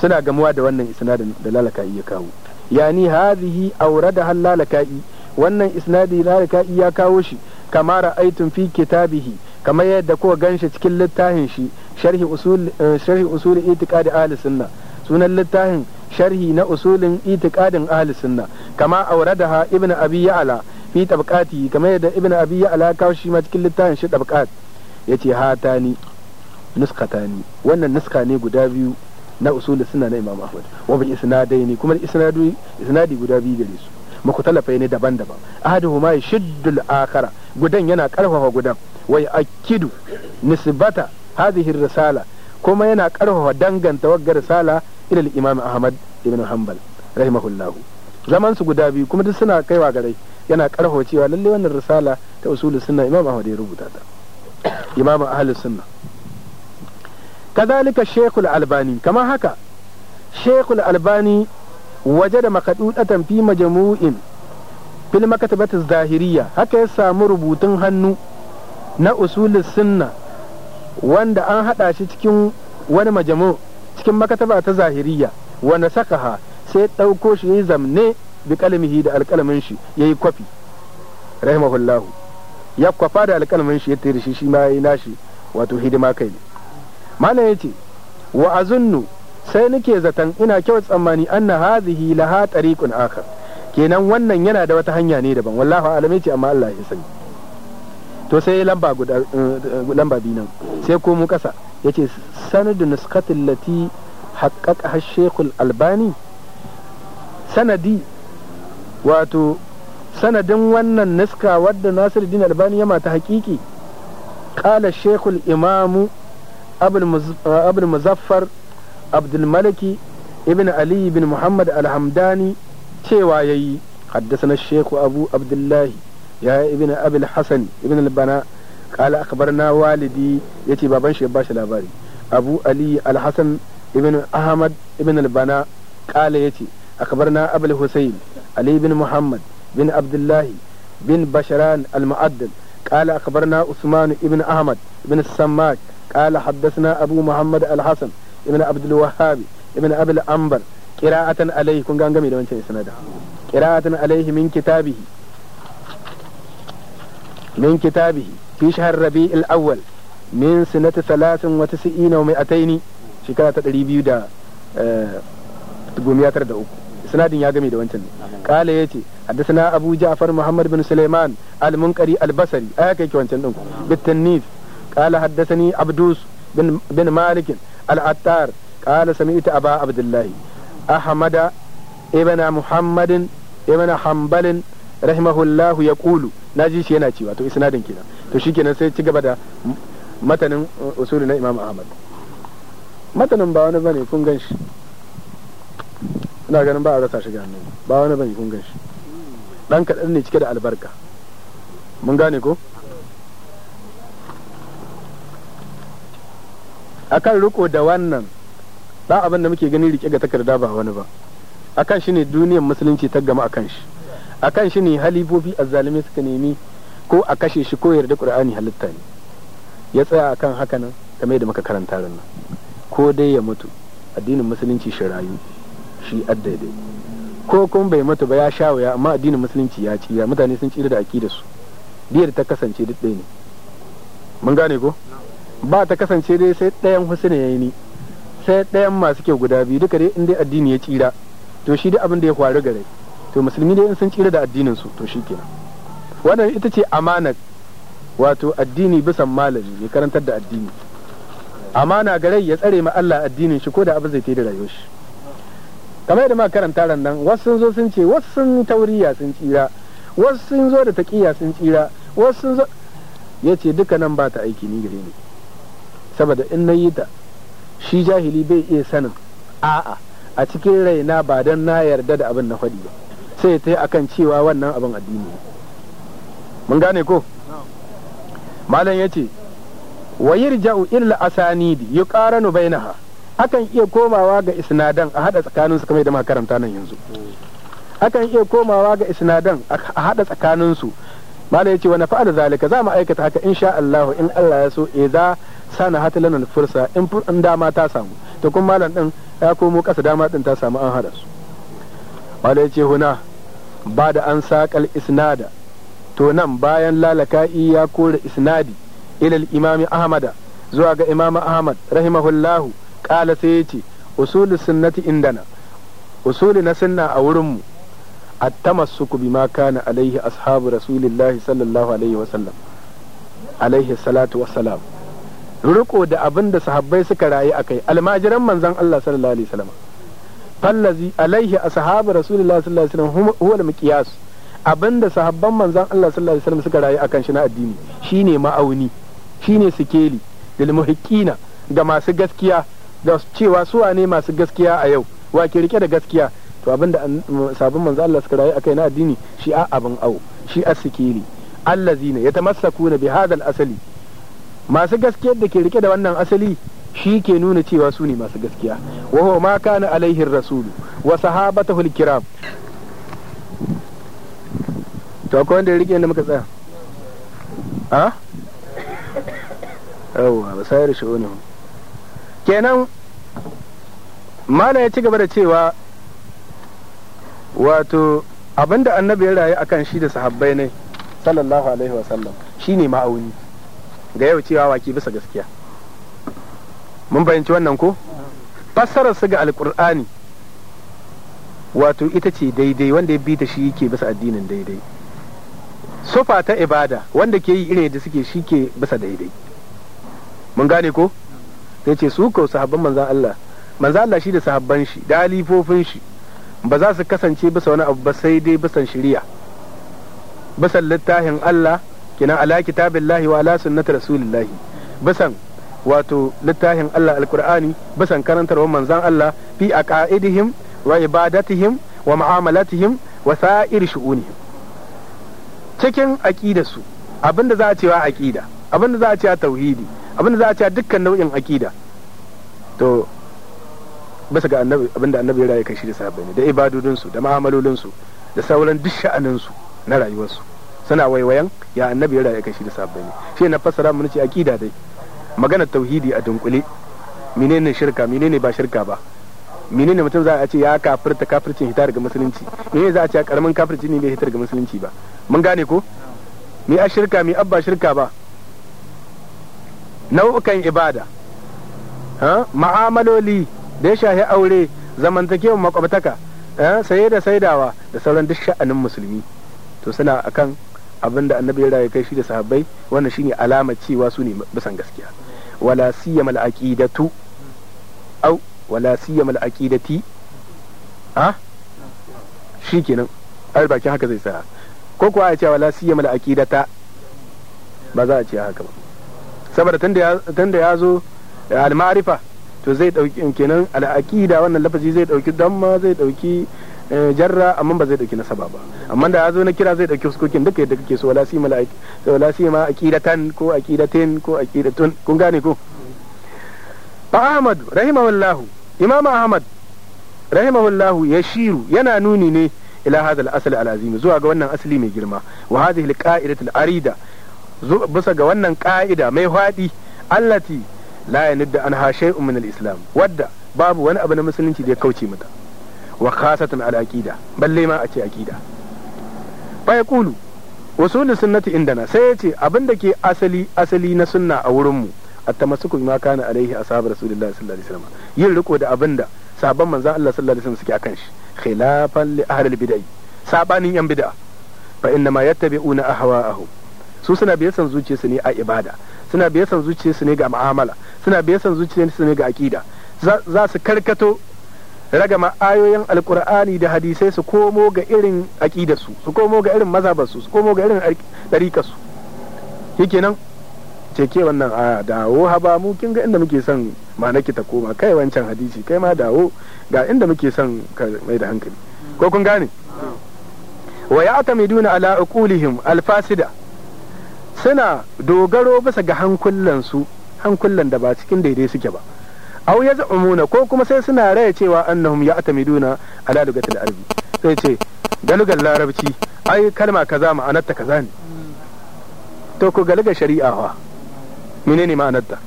suna gamuwa da wannan isnadin da lalaka'i ya kawo yani hadhihi hal lalaka'i wannan isnadi lalaka'i ya kawo shi kama aitun fi kitabihi kamar yadda ko ganshi cikin littafin shi sharhi usul eh, sharhi usul itiqadi ahli sunna sunan littafin sharhi na usulin itiqadin ahli sunna kama auradaha ibnu abi ya'la fi tabqati kamar yadda ibnu abi ya'la kawo shi ma cikin littafin shi tabqat yace hatani nuskatani wannan nuska ne guda biyu na usulin sunna na imam ahmad wa bi isnadaini kuma isnadu isnadi guda biyu gare su mukhtalafai ne daban-daban ahaduhuma yashiddul akhara gudan yana karfafa gudan wai akidu nisbata hadhihi risala kuma yana karfafa danganta waggar risala ilal imam ahmad ibn hanbal rahimahullahu zaman su guda biyu kuma duk suna kaiwa garai yana karfafa cewa lalle wannan risala ta usul sunna imam ahmad ya rubuta ta imam ahlus sunna kadhalika shaykhul albani kama haka shaykhul albani wajada makadudatan fi majmu'in fil maktabati zahiriya haka ya samu rubutun hannu na usul sunna wanda an haɗa shi cikin wani majamu cikin makataba ta zahiriya wanda ha sai ɗauko shi yi zamne bi kalmihi da alƙalamin shi ya yi kwafi rahimahullahu ya kwafa da alƙalamin shi ya tare shi shi ma ya yi nashi wato hidima kai ne malam ya ce wa azunnu sai nake zaton ina kyau tsammani anna hadhihi laha tariqun akhar kenan wannan yana da wata hanya ne daban wallahu alam ce amma Allah ya sani to sai lamba guda eh, lamba biyu nan sai ko mu kasa yace sanadu nuskatin lati haƙaƙa shekul albani sanadi wato sanadin wannan nuska wadda nasiruddin albani ya mata haƙiƙi ƙala shekul imamu abul eh, muzaffar maliki ibn ali bin muhammad alhamdani cewa ya yi haddasa na sheku abu abdullahi ya ibn abil hasan ibn al-bana qala akhbarna walidi yace baban shi ya bashi labari abu ali al-hasan ibn ahmad ibn al-bana qala yace akhbarna abul husayn ali ibn muhammad bin abdullahi bin basharan al-mu'addal قال أخبرنا عثمان ابن أحمد ابن السماك قال حدثنا أبو محمد الحسن ابن عبد الوهاب ابن أبي الأنبر قراءة عليه كن غنغمي لو انت قراءة عليه من كتابه من كتابه في شهر ربيع الأول من سنة ثلاث وتسعين ومئتين شكرا تقريبي دا قومياتر دا سناد يا جميل وانتن قال يتي حدثنا أبو جعفر محمد بن سليمان المنكري البصري آكي وانتن بالتنيف قال حدثني عبدوس بن, بن مالك العطار قال سمعت أبا عبد الله أحمد ابن محمد ابن حنبل رحمه الله يقول na ji shi yana ci wato isnadin kenan to shikenan sai ci gaba da matanin uh, usuli na imam ahmad matanin ba wani bane kun gan shi ina ganin ba a rasa shi gane ba wani bane kun gan shi dan kaɗan ne cike da albarka mun gane ko akan riko da wannan ba abin da muke gani rike ga takarda ba wani ba akan shi ne duniyar musulunci ta gama akan shi akan shi ne a azzalumai suka nemi ko a kashe shi ko yarda qur'ani halitta ne ya tsaya akan haka nan kamar da muka karanta ranar ko dai ya mutu addinin musulunci shi rayu shi addade ko kuma bai mutu ba ya sha wuya amma addinin musulunci ya tsira mutane sun tsira da aqidar su biyar ta kasance duk ɗaya ne mun gane ko ba ta kasance dai sai ɗayan ya yi ni sai ɗayan masu kyau guda biyu duka dai in dai addini ya tsira to shi duk abin da ya faru gare to musulmi dai in sun tsira da addinin su to shikenan wannan ita ce amana wato addini bisan malami mai karantar da addini amana garai ya tsare ma Allah addinin shi ko da abu zai da rayuwar shi kamar yadda ma karanta ran nan wasu sun zo sun ce wasu sun tauriya sun tsira wasu sun zo da taqiya sun tsira wasu sun zo yace duka nan ba ta aiki ni gare ni saboda in nayi ta shi jahili bai iya sanin a'a a cikin raina ba don na yarda da abin na faɗi ba sai ta yi a kan cewa wannan abin addini mun gane ko malam ya ce wa rija'u illa asanidi yuqaranu bainaha akan iya komawa ga isnadan a hada tsakanin su kamar da makaranta nan yanzu akan iya komawa ga isnadan a hada tsakanin su malam ya wa na fa'al zalika za mu aikata haka insha Allah in Allah ya so e za sana hatalan fursa in in dama ta samu to kun malam din ya komo kasa dama din ta samu an hada su malam huna ba da an saƙal isnada to nan bayan lalaka'i ya kore isnadi ilal imami ahmada zuwa ga imam ahmad rahimahullahu ƙala sai ya ce usuli sunnati indana usuli na sunna a wurinmu a bi ma kana alaihi ashabu rasulillahi sallallahu alaihi wasallam alaihi salatu wasalam riko da abin da sahabbai suka rayu kai almajiran manzan Allah sallallahu alaihi wasallam fallazi alaihi ashabu rasulullahi sallallahu alaihi wasallam huwa al-miqyas abinda sahabban manzon Allah sallallahu alaihi wasallam suka rayu akan shi na addini shine ma'auni shine sikeli lil muhiqqina ga masu gaskiya da cewa su ne masu gaskiya a yau wa ke rike da gaskiya to abinda sahabban manzon Allah suka rayu akai na addini shi a abin au shi a sikeli allazina yatamassakuna bi hadal asali masu gaskiyar da ke rike da wannan asali shi ke nuna cewa su ne masu gaskiya wa huwa ma kana alaihi rasulu wa sahabatahu kiram to akwai wanda ya rike inda muka tsaya a yawwa ba sayar shi kenan mana ya ci gaba da cewa wato abinda annabi ya rayu akan shi da sahabbai ne sallallahu alaihi wa sallam shine ma'auni ga yau cewa waki bisa gaskiya mun bayanci wannan ko fassarar su ga alkur'ani wato ita ce daidai wanda ya bi ta shi yake bisa addinin daidai sufa ta ibada wanda ke yi irin da suke shi ke bisa daidai mun gane ko sai ce su ko sahabban manzan Allah manzan Allah shi da sahabban shi da alifofin shi ba za su kasance bisa wani abu ba sai dai bisa shari'a bisa littafin Allah kina ala kitabillahi wa ala sunnati rasulillahi bisan wato littafin Allah alkur'ani bisan wa manzan Allah fi aqaidihim wa ibadatihim wa mu'amalatihim wa sa'ir shu'unihim cikin su abinda za a cewa aqida abinda za a cewa tauhidi abinda za a cewa dukkan nau'in aqida to bisa ga annabi abinda annabi ya raye kai shi da sahabbai ne da su da su da sauran duk su na rayuwarsu suna waiwayan ya annabi ya raye kai shi da sahabbai ne shi na fassara mun ce aqida dai magana tauhidi a dunkule menene shirka menene ba shirka ba menene mutum za a ce ya kafirta kafircin hita daga musulunci menene za a ce karamin kafirci ne bai hita daga musulunci ba mun gane ko me a shirka me abba shirka ba nau'ukan ibada ma'amaloli da ya shahi aure zamantakewa makwabtaka saye da saidawa da sauran duk sha'anin musulmi to suna akan abin da annabi ya rayu kai shi da sahabbai wannan shine alama cewa su ne bisan gaskiya wala سيما al-aqidatu ولا wala siyama ها aqidati ha shikenan ai bakin haka zai tsaya ko kuwa a ce wala siyama ba za a ce haka ba saboda tunda ya zo al to zai dauki kenan al-aqida wannan lafazi zai dauki damma zai dauki Eh, jarra amma ba zai dauki nasaba ba amma da ya zo na kira zai dauki fuskokin duka yadda kake so wala sima wala sima aqidatan ko aqidatin ko aqidatun kun gane ko fa ahmad rahimahullahu imam ahmad rahimahullahu yashiru yana nuni ne ila hadha al-asl al-azim zuwa ga wannan asali mai girma wa hadhihi al-qa'idatu al-arida bisa ga wannan ka'ida mai hwadi allati la yanidda an shay'un min al-islam wadda babu wani abu na musulunci da ya kauce mata wa khasatan al aqida balle ma a ce aqida fa yaqulu usul sunnati indana sai yace abin da ke asali asali na sunna a wurin mu at-tamassuku bima kana alaihi ashabu rasulullahi sallallahu alaihi wasallam yin riko da abinda sabon manzon Allah sallallahu alaihi wasallam suke akan shi khilafan li ahli bid'ah sabanin yan bid'a fa inna ma yattabi'una ahwa'ahum su suna biye san zuciyarsu ne a ibada suna biye san zuciyarsu ne ga mu'amala suna biye san zuciyarsu ne ga aqida za su karkato ragama ayoyin alkur'ani da hadisai su komo ga irin aqidarsu su komo ga irin mazhabarsu su komo ga irin dariƙarsu shikenan ce ke wannan aya dawo haba mu kin ga inda muke son ki ta koma kai wancan hadisi kai ma dawo ga inda muke son ka mai da hankali ko kun gane wa ya'tamiduna ala uqulihim alfasida suna dogaro bisa ga hankulansu hankulan da ba cikin daidai suke ba aw yaz'umuna ko kuma sai suna raya cewa annahum a ala lugatil arabi sai ce da larabci ai kalma kaza ma'anarta kaza ne to ku ga shari'a wa menene ma'anarta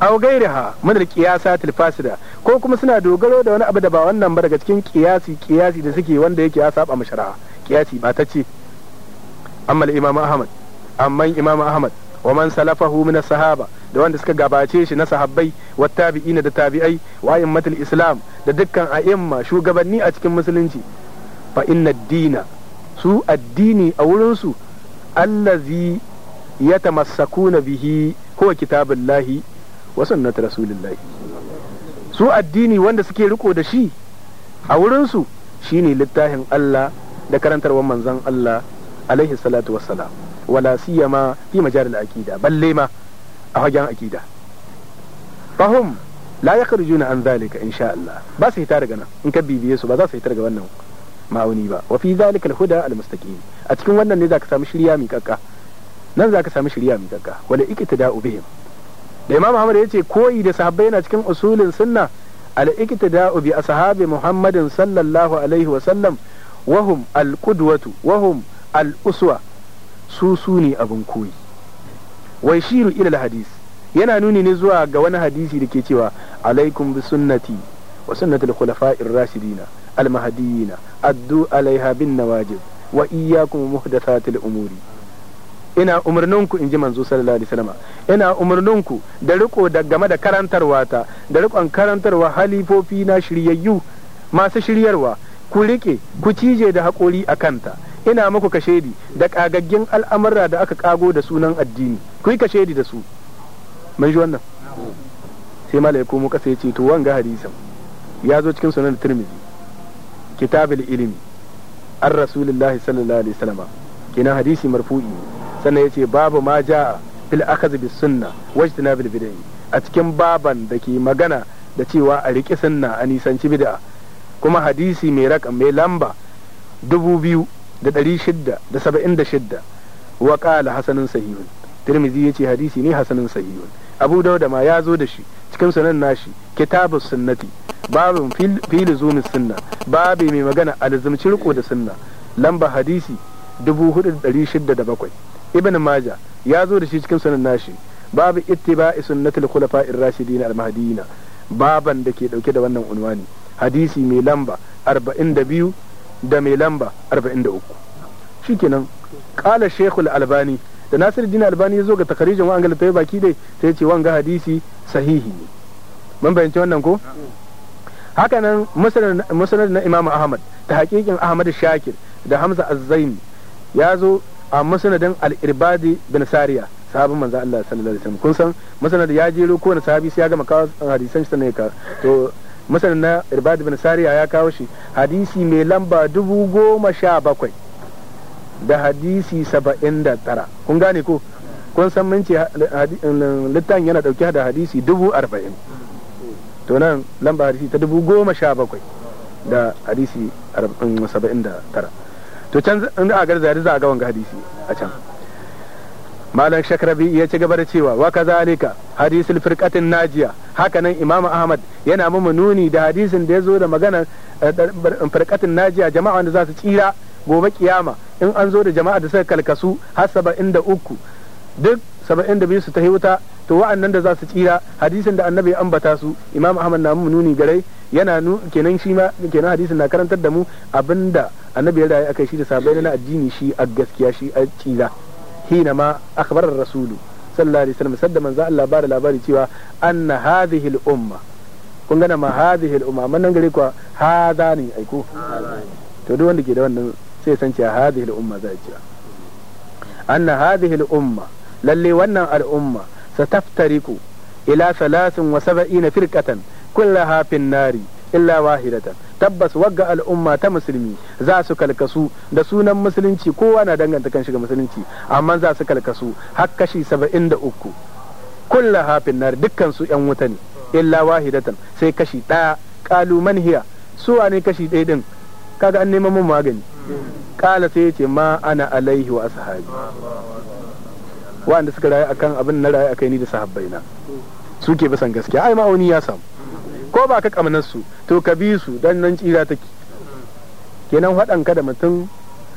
aw gairiha min al-qiyasatil fasida ko kuma suna dogaro da wani abu da ba wannan ba daga cikin qiyasi qiyasi da suke wanda yake ya saba mashara'a qiyasi ba ta ce amma al-imam ahmad amman imam ahmad wa man salafahu min as-sahaba da wanda suka gabace shi na sahabbai wa tabi'ina da tabi'ai wa a'immatul islam da dukkan a'imma shugabanni a cikin musulunci fa inna dina su addini a wurin su allazi yatamassakuna bihi huwa kitabullahi wa sunnatu rasulillahi su addini wanda suke riko da shi a wurin su shine littafin Allah da karantarwar manzon Allah alaihi salatu wassalam wala siyama fi majalil aqida balle ma a wajen akida fahim la ya na an zalika insha Allah ba su hita daga nan in ka bibiye su ba za su hita daga wannan ma'auni ba wa fi zalika alhuda almustaqim a cikin wannan ne zaka samu shirya mi kakka nan zaka samu shirya mi kakka wala iqtida'u bihim da Imam ya yace koyi da sahabbai yana cikin usulin sunna al-iqtida'u bi ashabi Muhammadin sallallahu alaihi wa sallam wahum al-qudwatu wahum al-uswa su su ne abin koyi wai shiru ila hadis yana nuni ne zuwa ga wani hadisi da ke cewa alaikum bi sunnati wa sunnati al-khulafa'ir rashidina al-mahdiyina addu alaiha bin nawajib wa iyyakum muhdathatil umuri ina umarninku in manzo sallallahu alaihi wasallam ina umarninku da riko da game da karantarwa ta da rikon karantarwa halifofi na shiryayyu masu shiryarwa ku rike ku cije da haƙori a kanta ina muku kashedi da kagaggin al'amurra da aka kago da sunan addini ku yi kashedi da su mun ji wannan sai malai komo kasa ya ce to wanga hadisan ya zo cikin sunan turmizi kitabul ilimi an rasulullahi sallallahu alaihi wasallam kenan hadisi marfu'i sannan yace babu ma ja'a fil akhadh bis sunna wajtana bil bid'ah a cikin baban da ke magana da cewa a riƙe sunna a nisanci bid'a kuma hadisi mai raƙam mai lamba dubu biyu da ɗari shidda da saba'in da shidda wa ƙala hasanin sahihun tirmizi ya ce hadisi ne hasanin sahihun abu dauda ma ya zo da shi cikin sunan nashi kitabus sunnati babin fili zumin sunna babi mai magana alzumci riko da sunna lamba hadisi 4607 ibn maja ya zo da shi cikin sunan nashi babu ittiba'i sunnatul khulafa'ir rashidin al-mahdiyina baban da ke dauke da wannan unwani hadisi mai lamba 42 da mai lamba 43 shikenan kala shekul albani da nasir dini albani ya zo ga takarijin angala ta yi baki dai sai ce wanga hadisi sahihi ne mun bayanci wannan ko hakanan musnad na imam ahmad ta hakikin ahmad shakir da hamza azzaini ya zo a musnadin al bin sariya sahabin manzo Allah sallallahu alaihi wasallam kun san musnad ya jero kowane sahabi sai ya gama kawo hadisan shi ne ka to musar na irbad bin sariya ya kawo shi hadisi mai lamba dubu goma sha bakwai da hadisi saba'in da tara kun gane ko kun san mun ce littan yana dauke da hadisi dubu arba'in to nan lamba hadisi ta dubu goma sha bakwai da hadisi saba'in da tara to can inda a garzari za a ga wanga hadisi a can malam shakrabi ya ci gaba da cewa wa zalika hadisul firqatin najiya hakanan imamu ahmad yana mamu nuni da hadisin da ya zo da magana eh, firqatin najiya jama'a wanda za su tsira gobe kiyama in an zo da jama'a da suka kalkasu har saba'in da uku duk saba'in da biyu su ta wuta to wa'annan da za su tsira hadisin da annabi ya ambata su imam ahmad na mu nuni garai yana nu kenan shi ma kenan hadisin na karantar da mu abinda annabi ya rayu akai shi da sabai na addini shi a gaskiya shi a tsira hina ma akhbarar rasulu sallallahu alaihi wasallam sadda manzo Allah ba labari cewa anna hadhihi al-umma kun gana ma hadhihi al-umma man nan gare ku hadha ne ko to duk wanda ke da wannan sai san cewa hadhihi al-umma zai ce anna hadhihi al-umma lalle wannan al-umma sataftariku ila 73 firqatan kullaha fin nari illa wahidatan tabbas wagga al'umma ta musulmi za su kalkasu da sunan musulunci kowa na danganta kan shiga musulunci amma za su kalkasu har kashi saba'in da uku kulla hafin nar dukkan su yan wuta ne illa wahidatan sai kashi ɗaya kalu manhiya su ne kashi ɗaya din kaga an neman mun magani kala sai ya ce ma ana alaihi wa ashabi wanda suka rayu akan abin na rayu akai ni da sahabbaina suke bisan gaskiya ai ma'auni ya samu ko ba ka kamanar su to ka bi su dan nan tsira take kenan faɗan ka da mutum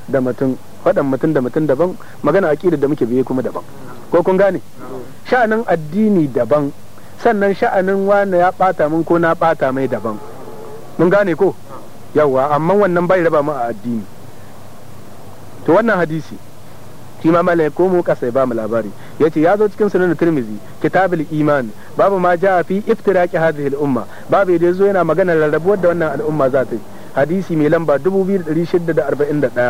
da mutum faɗan mutum da mutum daban magana aqida da muke biye kuma daban ko kun gane sha'anin addini daban sannan sha'anin wani ya ɓata min ko na ɓata mai daban mun gane ko yawa amma wannan bai raba mu a addini to wannan hadisi shi ma malai ko mu kasa ba mu labari yace ya zo cikin sunan tirmizi kitabul iman babu ma ja fi iftiraqi hadhihi al umma babu ya zo yana maganar rarrabuwar da wannan al'umma za ta yi hadisi mai lamba 2641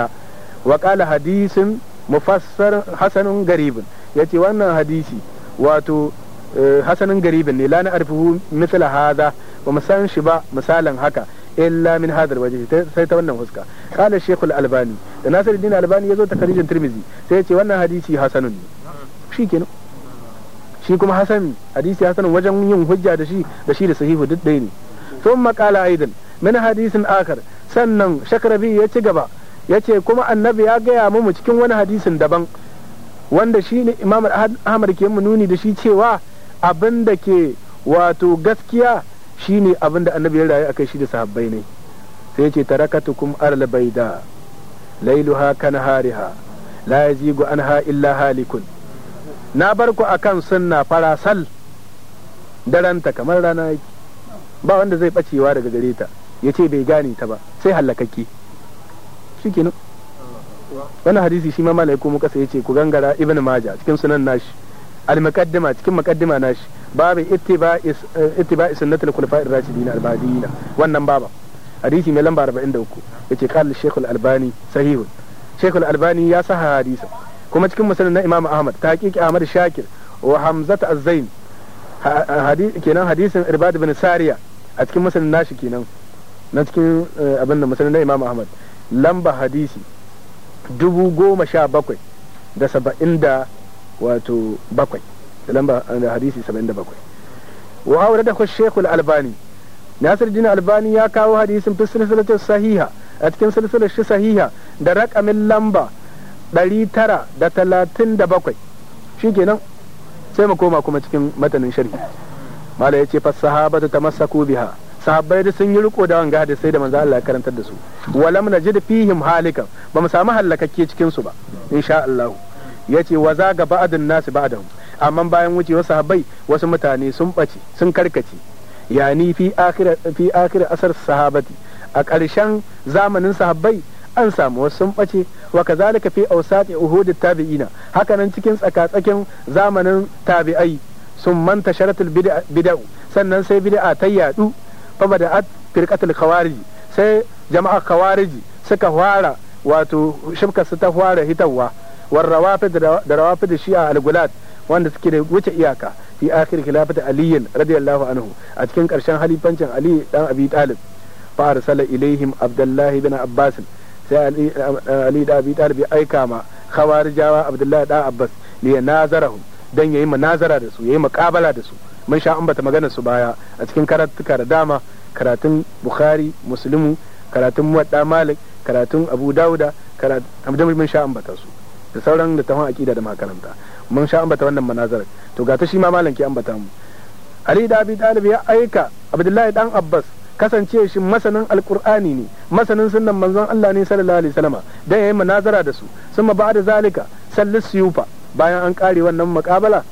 wa qala hadisin mufassar hasanun garibin ce wannan hadisi wato eh, hasanun garibin ne la na arfihu mithla hadha ba mu san shi ba misalin haka illa min hadal waje sai ta wannan huska Kale shaykhul albani da nasiruddin albani yazo ta karijin tirmizi sai ya ce wannan hadisi hasanun ne kenan shi kuma hasan hadisi hasanun wajen yin hujja da shi da shi da sahihu duk ɗaya ne sun makala Aidan min hadisin Akar sannan shakarabi ya ci gaba ya ce kuma annabi ya gaya mu cikin wani hadisin daban wanda shi ne imam ahmad ke mu nuni da shi cewa abinda ke wato gaskiya shi ne da annabi ya rayu a kai shi da sahabbai ne sai ce tarakatukum arla baida lailuha kanhariha la yazigu anha illa halikun na bar ku akan sunna farasal daranta kamar rana yake ba wanda zai bacewa daga gare ta yace bai gane ta ba sai hallakakke shikenan wani hadisi shi ma malaiku muka sai yace ku gangara ibn maja cikin sunan nashi al muqaddima cikin muqaddima nashi babu ittiba'i eh, sunnatul khulafa'ir rashidin al-mahdiyina wannan baba hadisi mai lamba 43 yace qala shaykh al-albani sahihun shaykh al-albani ya saha hadisa kuma cikin musnad na imam ahmad tahqiq ahmad shakir wa hamzata az-zain kenan hadisin irbad bin sariya a cikin musnad nashi kenan na cikin eh, abin da musnad na imam ahmad lamba hadisi dubu goma sha bakwai da saba'in da wato bakwai Eh, da lamba da hadisi 77 wa da shaykh al-albani nasir din albani ya kawo hadisin fi silsilatu sahiha a cikin silsilar shi sahiha da rakamin lamba 937 shikenan sai mu koma kuma cikin matanin sharhi mala yace fa sahabatu tamassaku biha sahabbai da sun yi riko da wanga da sai da manzo Allah ya karantar da su walam najid fihim halikan ba mu samu halakakke cikin su ba insha Allah yace wa zaga ba'dun nasi ba'dahu amma bayan wucewar sahabbai wasu mutane sun ɓace sun karkace ni fi akhir asar sahabati a ƙarshen zamanin sahabbai an samu wasu sun ɓace wa kazalika fi awsat uhud tabi'ina hakanan cikin tsakatsakin zamanin tabi'ai sun manta sharatul bid'u sannan sai bid'a ta yadu fa bada'at firqatul khawarij sai jama'a khawarij suka fara wato shibka su ta fara hitawa war rawafid da rawafid shi'a al-gulat wanda suke da wuce iyaka fi akhir khilafati ali radiyallahu anhu a cikin karshen halifancin ali dan abi talib fa arsala ilaihim abdullahi bin abbas sai ali da abi talib ya aika ma khawarijawa abdullahi da abbas li yanazarahum dan yayi munazara da su yayi muqabala da su mun sha ambata magana su baya a cikin karatuka da dama karatun bukhari muslimu karatun muwadda malik karatun abu dauda karatun mun sha ambata su da sauran littafin aqida da makaranta mun sha ambata wannan manazarar to ga ta shi ma malam ke ambata mu Ali da Abi Talib ya aika Abdullahi dan Abbas kasance shi masanin alkur'ani ne masanin sunnan manzon Allah ne sallallahu alaihi wasallama dan yayin munazara da su sun ba da zalika sallis yufa bayan an kare wannan mukabala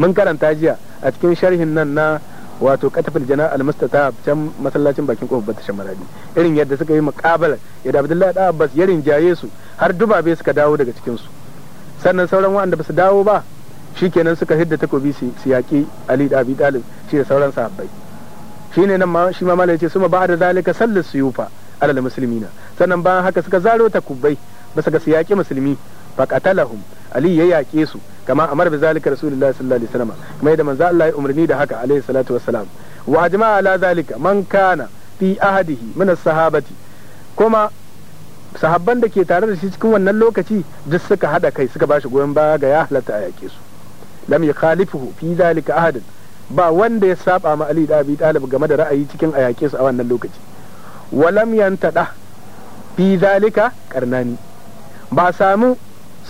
mun karanta jiya a cikin sharhin nan na wato katafil jana almustata can masallacin bakin kofar bata shamaradi irin yadda suka yi ya yadda abdullahi da abbas ya rinjaye su har dubabe suka dawo daga cikin su sannan sauran waɗanda ba su dawo ba shikenan suka hidda takobi su yaƙi ali da abi talib shi da sauran sahabbai shine nan ma shi ma malai ce suma da zalika su yufa alal muslimina sannan bayan haka suka zaro takubai ba su ga su yaƙi musulmi fa qatalahum ali ya yaƙe su kama amar bi zalika rasulullahi sallallahu alaihi wasallam kuma yadda manzo Allah ya umarni da haka alaihi salatu wassalam wa ajma'a ala zalika man kana fi ahadihi min sahabati kuma sahabban da ke tare da shi cikin wannan lokaci duk suka hada kai suka bashi goyon baya ga ya halatta a yake su lam yukhalifuhu fi zalika ahadin ba wanda ya saba ma Ali da Abi Talib game da ra'ayi cikin ayake su a wannan lokaci walam yantada fi zalika karnani ba samu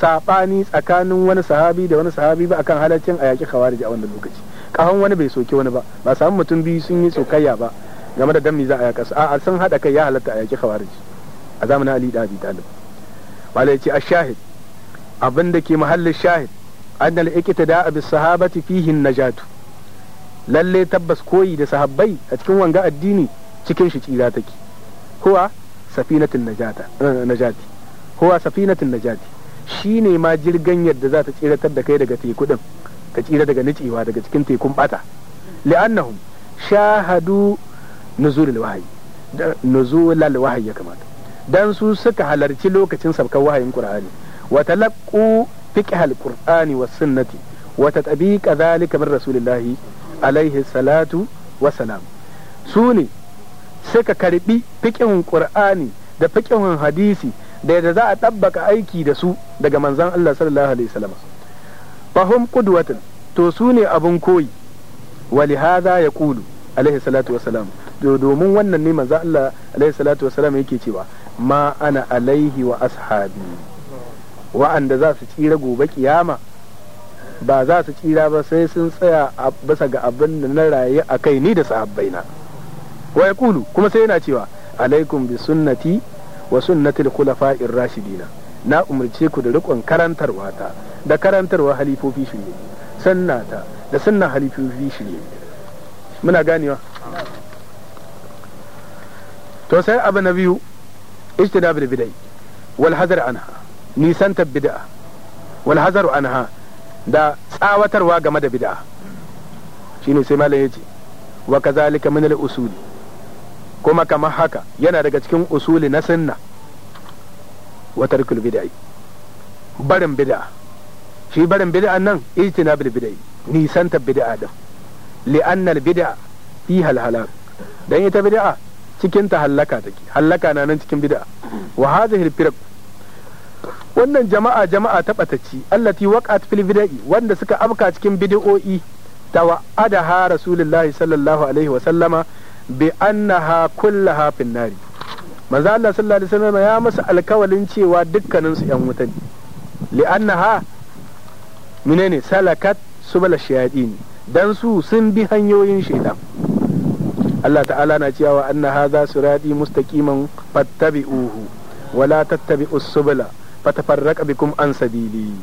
saɓani tsakanin wani sahabi da wani sahabi ba akan halaccin a yaƙi khawarij a wannan lokaci kahon wani bai soki wani ba ba samu mutum biyu sun yi sokayya ba game da dan za a yaƙa su a'a sun haɗa kai ya halatta a yaƙi khawarij a zamanin Ali da Abi Talib wala yace ash-shahid abinda ke mahallin shahid annal iqtida bi sahabati fihi najatu lalle tabbas koyi da sahabbai a cikin wanga addini cikin shi tsira take huwa safinatul najata eh, najati huwa safinatul najati shi ne ma jirgin yadda za ta tsiratar da kai daga teku din ka tsira daga nicewa daga cikin tekun bata li'annahum shahadu nuzulul wahayi nuzulal wahayi ya kamata dan su suka halarci lokacin sabkan wahayin qur'ani wa talaqqu fiqhal qur'ani was sunnati wa tatbiqa dhalika min rasulillahi alaihi salatu wa salam su ne suka karbi fiqhin qur'ani da fiqhin hadisi da yadda za a tabbaka aiki da su daga manzan Allah sallallahu alaihi wasallam fahum qudwatun to su ne abun koyi li ya kulu alaihi salatu wasalam domin wannan ne manzan Allah alaihi salatu wasalam yake cewa ma ana alaihi wa ashabi wa'anda za su tsira gobe kiyama ba za su tsira ba sai sun tsaya a bisa ga abin da na raye a kai ni da sahabbaina wa yaqulu kuma sai yana cewa alaikum bi sunnati wa sunnatil khulafa'ir rashidina na umarce ku da rikon karantarwa ta da karantarwa halifofi shirye sanna ta da sunna halifofi ne muna ganewa to sai abu na biyu ijtinabul bidai wal hazar anha nisantar bid'a wal an anha da tsawatarwa game da bid'a shine sai malam yace wa kazalika min al usuli kuma kamar haka yana daga cikin usuli na sunna wa tarkul barin bid'a shi barin bid'a nan ijtinabil bid'ah nisanta bid'a din li'annal bid'a fi halhalan dan ita bid'a cikin ta hallaka take hallaka na nan cikin bid'a wa hadhihi firq wannan jama'a jama'a ta batacci allati waqat fil bida'i, wanda suka abuka cikin bid'o'i ha rasulullahi sallallahu alaihi wa sallama bi annaha kullaha fin nari manzo Allah sallallahu alaihi wasallam ya masa alkawalin cewa dukkanin su yan wuta ne li annaha menene salakat subala shayatin dan su sun bi hanyoyin shaitan Allah ta'ala na cewa anna hadha sirati mustaqiman fattabi'uhu la tattabi'us subula fatafarraqa bikum an sabili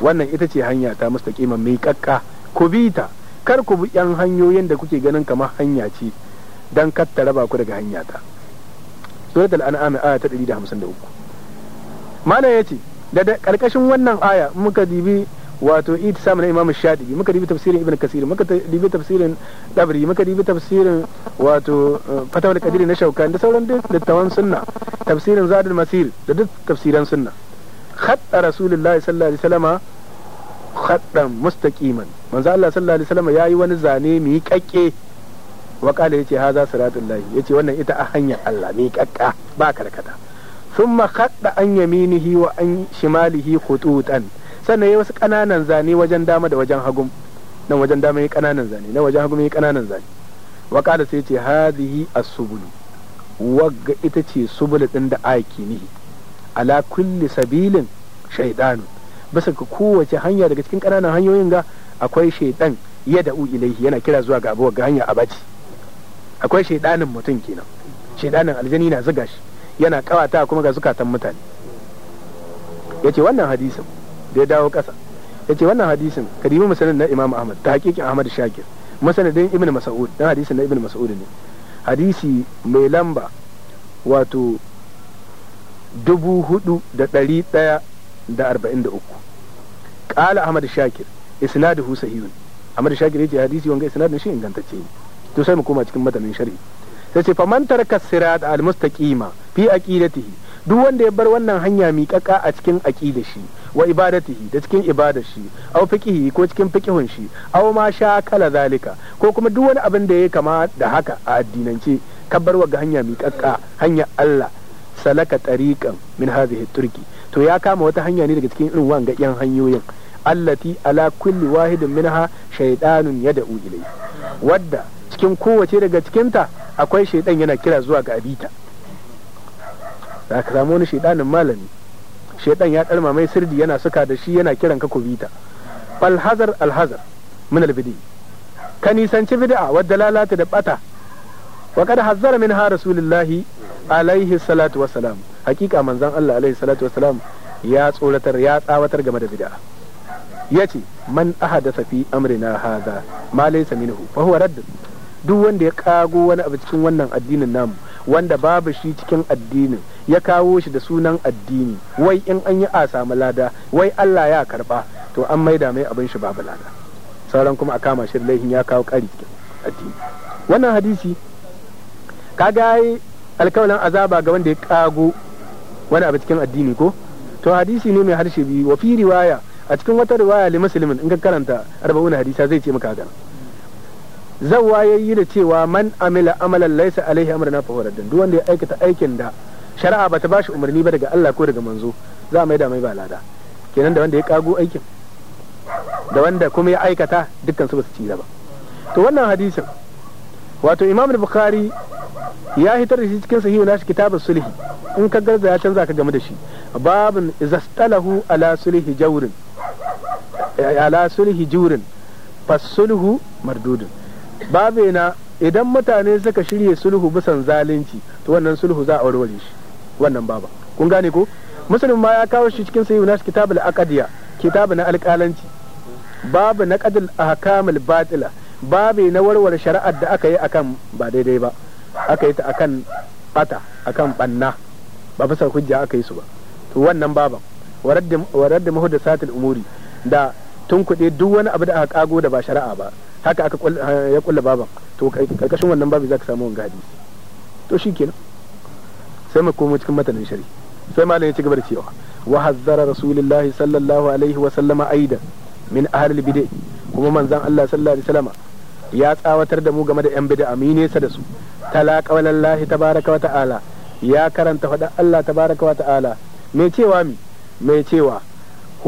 wannan ita ce hanya ta mustaqiman mai kakka ku bi ta kar ku bi yan hanyoyin da kuke ganin kamar hanya ce dan kar ta raba ku daga hanya ta surat al-an'am aya ta 153 malam yace da karkashin wannan aya muka dibi wato itisam na imam shadi muka dibi tafsirin ibn kasir muka dibi tafsirin dabri muka dibi tafsirin wato eh, fatawul qadiri na shaukan da sauran duk littawan sunna tafsirin zadul masir da duk tafsiran sunna khatta rasulullahi sallallahu alaihi wasallama khaddan mustaqiman manzo Allah sallallahu alaihi wasallama yayi wani zane mi kakke wa kala yace haza siratullahi yace wannan ita a hanyar Allah mi kakka ba karkata summa khadda an yaminihi wa an shimalihi khututan sannan yayi wasu kananan zane wajen dama da wajen hagu nan wajen dama yayi kananan zane na wajen hagu yayi kananan zane wa kala sai yace hadhihi as-subul wagga ita ce subul din da aiki ne ala kulli sabilin shaydanu bisa ga kowace hanya daga cikin kananan hanyoyin ga akwai shaidan ya da'u ilaihi yana kira zuwa ga abuwa ga hanya abaci akwai shaidanin mutum kenan shaidanin aljani na zuga shi yana kawata kuma ga zukatan mutane yace wannan hadisin da ya dawo ƙasa yace wannan hadisin kadibi musanin na imam ahmad ta hakikin ahmad shakir masanadin ibn mas'ud dan hadisin na ibn mas'ud ne hadisi mai lamba wato dubu hudu da ɗari ɗaya da arba'in da uku ƙala ahmad shakir isnadu sahihun ahmad shakir ya ce hadisi wanga isnadin shi ingantacce ne to sai mu koma cikin matanin shari'i sai ce faman taraka sirat al fi aqidatihi duk wanda ya bar wannan hanya miƙaƙa a cikin aqida shi wa ibadatihi da cikin ibadar shi aw fiqihi ko cikin fiqihun shi aw ma sha kala zalika ko kuma duk wani abin da ya kama da haka a addinance ka wa ga hanya miƙaƙa hanya Allah salaka tariqan min hadhihi turki to ya kama wata hanya ne daga cikin irin wanga yan hanyoyin allati ala kulli wahidin minha shaytanun yad'u ilayhi wadda cikin kowace daga cikinta akwai shaidan yana kira zuwa ga abita za ka samu wani shaidanin malami shaidan ya dalma mai sirdi yana suka da shi yana kiran ka ku bita falhazar alhazar min albidi ka nisanci bid'a wadda lalata da bata wa kada hazzara min ha rasulullahi alaihi salatu wassalam hakika manzon Allah alaihi salatu wassalam ya tsoratar ya tsawatar game da bid'a yace man ahadatha fi amrina hadha ma laysa minhu fa huwa radd duk wanda ya kago wani abu cikin wannan addinin namu wanda babu shi cikin addinin ya kawo shi da sunan addini wai in an yi a samu lada wai Allah ya karba to an maida mai abin shi babu lada sauran kuma a kama shirin laihin ya kawo kari cikin addini wannan hadisi ka yayi alkawalin azaba ga wanda ya kago wani abu cikin addini ko to hadisi ne mai harshe biyu wa fi riwaya a cikin wata riwaya li muslimin in ka karanta arba'una hadisa zai ce maka gana zawwa yayi da cewa man amila amalan laisa alaihi amruna fa huwa duk wanda ya aikata aikin da shari'a bata bashi umarni ba daga Allah ko daga manzo za mai da mai ba lada kenan da wanda ya kago aikin da wanda kuma ya aikata dukkan su ba su ci ba to wannan hadisin wato imam bukhari ya hitar da shi cikin sahihu nashi kitabus sulhi in ka garza ya canza ka game da shi babun izastalahu ala sulhi jawrin ala sulhi jurin fasulhu mardudun na idan mutane suka shirya sulhu bisan zalunci to wannan sulhu za a warware shi wannan baba kun gane ko musulun ma ya kawo shi cikin sayyidu nasu kitab al-aqdiya kitab na alƙalanci babu na qadil ahkam al-batila babu na warware shari'ar da aka yi akan ba daidai ba aka yi ta akan bata akan banna ba bisa hujja aka yi su ba to wannan baban warar da mahuddasatul umuri da tun kuɗe duk wani abu da aka kago da ba shari'a ba haka aka eh, ya kulla baban to karkashin wannan babu zaka samu wanga hadisi to shi kenan sai mu komo cikin matanin shari sai malam ya ci gaba da cewa wa hazzara rasulullahi sallallahu alaihi wa sallama aidan min ahlil bid'ah kuma manzon Allah sallallahu alaihi wasallam ya tsawatar da mu game da yan bid'a mi nesa da su talaka wallahi tabaraka wa ta'ala ya karanta faɗa Allah tabaraka wa ta'ala me cewa mi me cewa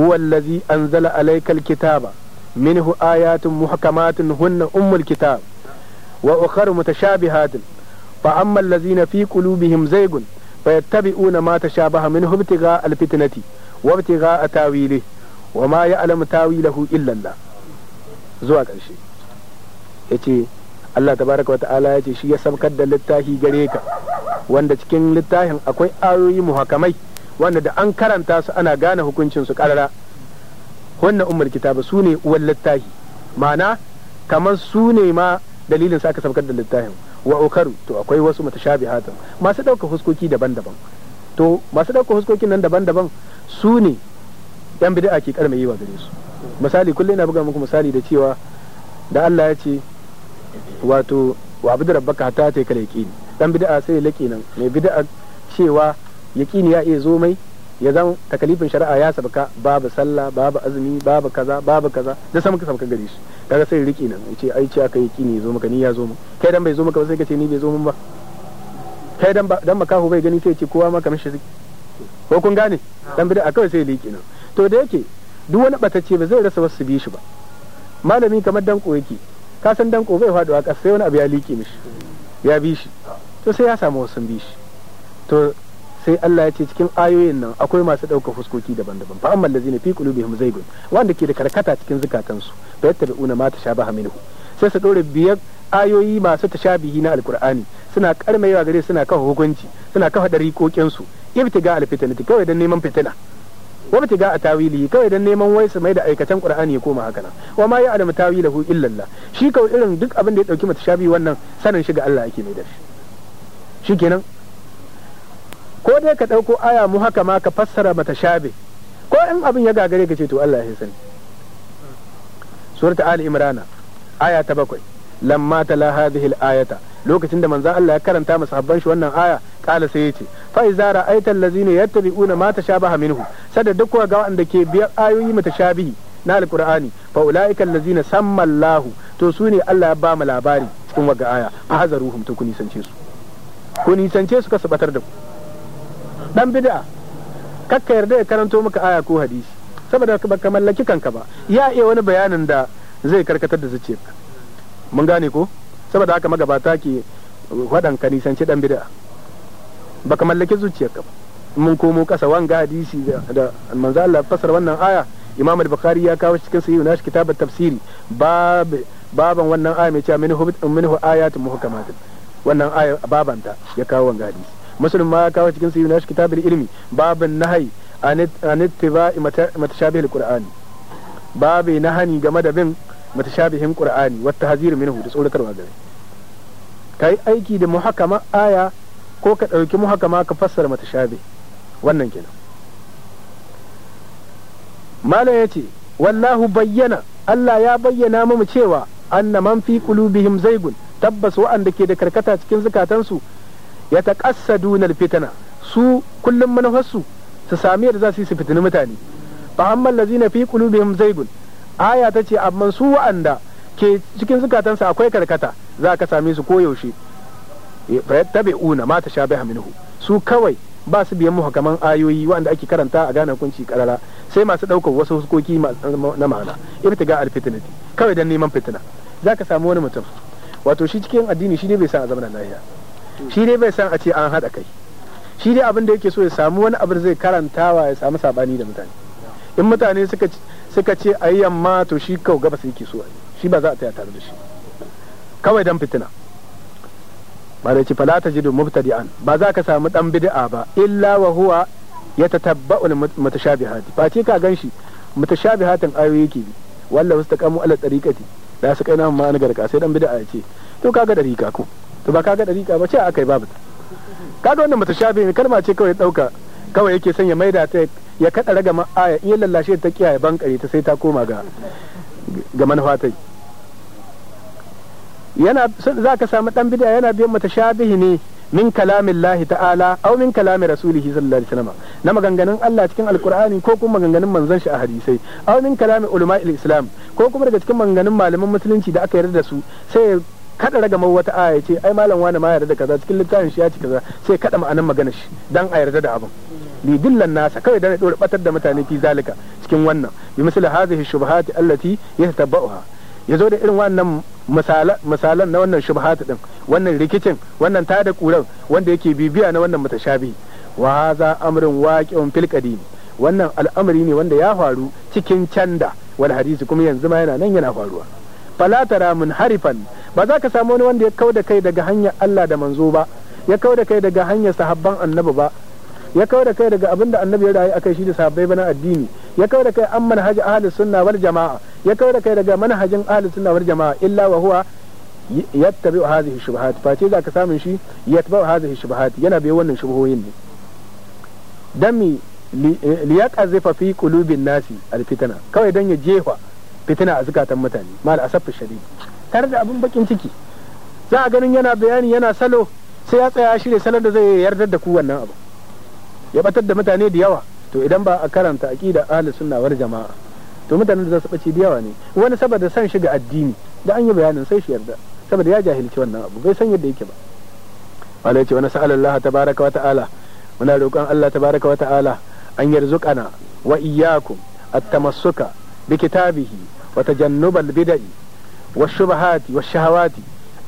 huwa allazi anzala alaykal kitaba minhu ayatun muhkamatun hunna ummul kitab wa ukhra mutashabihatun fa amma allazina fi qulubihim zaygun fayattabi'una ma tashabaha minhu ibtigha alfitnati wa ibtigha tawilihi wa ma ya'lamu tawilahu illa Allah zuwa ƙarshe yace Allah tabaraka wata'ala yace shi ya sabkar da littafi gare ka wanda cikin littafin akwai ayoyi muhakamai wanda da an karanta su ana gane hukuncin su karara wannan ummul kitaba su ne uwan littahi ma'ana kamar su ne ma dalilin saka sabkar da littafin wa ukaru to akwai wasu mutashabihatun masu ɗauka huskoki daban-daban to masu ɗauka huskokin nan daban-daban su ne yan bid'a ke karma yi wa gare su misali kullum ina buga muku misali da cewa da Allah ya ce wato wa abu da rabbaka hatta ta kai yaqini dan bid'a sai ya laki nan mai bid'a cewa yaqini ya iya zo mai ya zan takalifin shari'a ya sabka babu sallah babu azumi babu kaza babu kaza da samu sabka gare shi kaga sai riki nan yace ai ce aka yi kini zo maka ni ya zo mu kai dan bai zo maka ba sai ka ce ni bai zo mun ba kai dan dan makahu bai gani sai ce kowa maka mishi ko kun gane dan bid'a kawai sai riki nan to da yake duk wani batacce ba zai rasa wasu bi shi ba malami kamar danko yake ka san danko bai a ƙasa sai wani abu ya liƙe mishi ya bi shi to sai ya samu wasu bi shi to sai Allah ya ce cikin ayoyin nan akwai masu ɗauka fuskoki daban-daban fa amma allazina fi qulubihim zaygun wanda ke da karkata cikin zukatansu fa yattabi'una ma tashabaha minhu sai su ɗaure biyar ayoyi masu tashabihi na alkur'ani suna karmaiwa gare suna kafa hukunci suna kafa dariƙoƙin su ibtiga alfitanati kawai dan neman fitina wa ibtiga a tawili kawai dan neman wai su mai da aikatan qur'ani ya koma haka nan wa ma ya'lamu tawilahu illa Allah shi kawai irin duk abin da ya dauki mutashabi wannan sanin shi ga Allah ake mai da shi shikenan ko dai ka ɗauko aya mu haka ma ka fassara mata shabe ko in abin ya gagare ka ce to Allah ya sani surata ali imrana aya ta bakwai lamma la hadhihi ayata lokacin da manzon Allah ya karanta masa habban shi wannan aya kala sai yace fa iza ra'aita allazina yattabi'una ma tashabaha minhu sada duk ga wanda ke biyar ayoyi mata shabihi na alqur'ani fa ulaika allazina samma Allah to su ne Allah ya ba mu labari cikin waga aya fa hazaruhum to ku nisance su ku nisance su ka batar da ku dan bid'a kakka yarda ya karanto maka aya ko hadisi saboda baka mallaki kanka ba ya iya wani bayanin da zai karkatar da zuciyarka mun gane ko saboda haka magabata ke wadan ka nisanci dan bid'a baka mallaki zuciyarka ba mun komo kasa wanga hadisi da manzo Allah fasara wannan aya Imam al-Bukhari ya kawo cikin sahih nashi kitabat tafsiri bab baban wannan aya mai cewa minhu minhu ayatun muhkamat wannan aya babanta ya kawo wanga hadisi مسلم ma ya kawo cikin sayyid كتاب kitabul باب النهي عن اتباع متشابه matashabihil qur'ani babi nahani game da bin والتحذير qur'ani wa tahzir minhu da tsoratarwa gare kai aiki da muhakama aya ko ka ɗauki muhakama ka fassara wannan kenan malam yace wallahu bayyana Allah ya bayyana mu cewa anna man fi qulubihim zaygun tabbas wa'anda ke da karkata cikin zukatansu ya dunar fitina su kullum manufarsu su sami yadda za su yi su fitini mutane fa amman lazina fi zai gun aya ta ce amma su wa'anda ke cikin zukatansa akwai karkata za ka same su koyaushe eh, tabi'una mata tashabaha hu su kawai ba su biyan hakaman ayoyi wanda ake karanta a gane hukunci karara sai masu ɗaukar wasu hukoki na ma'ana ibtiga alfitnati kawai dan neman fitina za ka samu wani mutum wato shi cikin addini shi ne bai san a na lahiya shi dai bai san a ce an haɗa kai shi dai abin da yake so ya samu wani abin zai karantawa ya samu sabani da mutane in mutane suka ce a yamma to shi kau gabas yake so shi ba za a taya tare da shi kawai dan fitina ba da ci fala ta jidu mubtadi'an ba za ka samu dan bid'a ba illa wa huwa ya yatatabba'u hati ba ce ka ganshi mutashabihatin ayoyi yake bi wallahi wastaqamu ala tariqati da su kaina ma an garka sai dan bid'a ya ce to kaga dariqa ko to ba kaga dariƙa ba ce akai babu kaga wannan mata shafe ne kalma ce kawai dauka kawai yake son ya maida ta ya kada raga aya iya lallashe ta kiyaye bankare ta sai ta koma ga ga manufatai yana za ka samu dan bid'a yana biyan mata shabihi ne min kalamin lahi ta'ala au min kalamin rasulihi sallallahu alaihi wasallam na maganganun Allah cikin alkur'ani ko kuma maganganun manzon shi a hadisai au min kalamin ulama'il islam ko kuma daga cikin maganganun malaman musulunci da aka yarda da su sai kada raga mai wata aya ce ai malam wani ma yarda da kaza cikin littafin shi ya ci kaza sai kada ma'anan maganar shi dan a yarda da abin lidillan nasa kawai dan dore batar da mutane fi zalika cikin wannan bi misali hadhihi shubahati allati Ya yazo da irin wannan misalan na wannan shubahati din wannan rikicin wannan tada kuran wanda yake bibiya na wannan mutashabi wa hadha amrun waqi'un fil qadim wannan al'amari ne wanda ya faru cikin canda wal hadisi kuma yanzu ma yana nan yana faruwa fala tara mun harifan ba za ka samu wani wanda ya kau da kai daga hanyar Allah da manzo ba ya kau da kai daga hanyar sahabban annabi ba ya kau da kai daga abinda annabi ya rayu akai shi da sahabbai bana addini ya kau da kai an manhaji ahli sunna wal jamaa ya kau da kai daga manhajin ahli sunna wal jamaa illa wa huwa yattabi'u hadhihi shubuhat ce za ka samu shi yattabi'u hadhihi shubuhat yana bai wannan shubuhoyin ne dami liyaqazifa eh, fi qulubin nasi alfitana kawai dan ya jefa fitina a zukatan mutane mal asaf shadid tare da abin bakin ciki za a ganin yana bayani yana salo sai ya tsaya shirya salon da zai yarda da ku wannan abu ya batar da mutane da yawa to idan ba a karanta aqida ahalin sunna wal jamaa to mutanen da za su bace da yawa ne wani saboda san shiga addini da an yi bayanin sai shi yarda saboda ya jahilci wannan abu bai san yadda yake ba wala ya ce wa nas'al Allah tabaaraka wa ta'ala muna roƙon Allah tabaaraka wa ta'ala an yarzuqana wa iyyakum at-tamassuka bi وتجنب البدع والشبهات والشهوات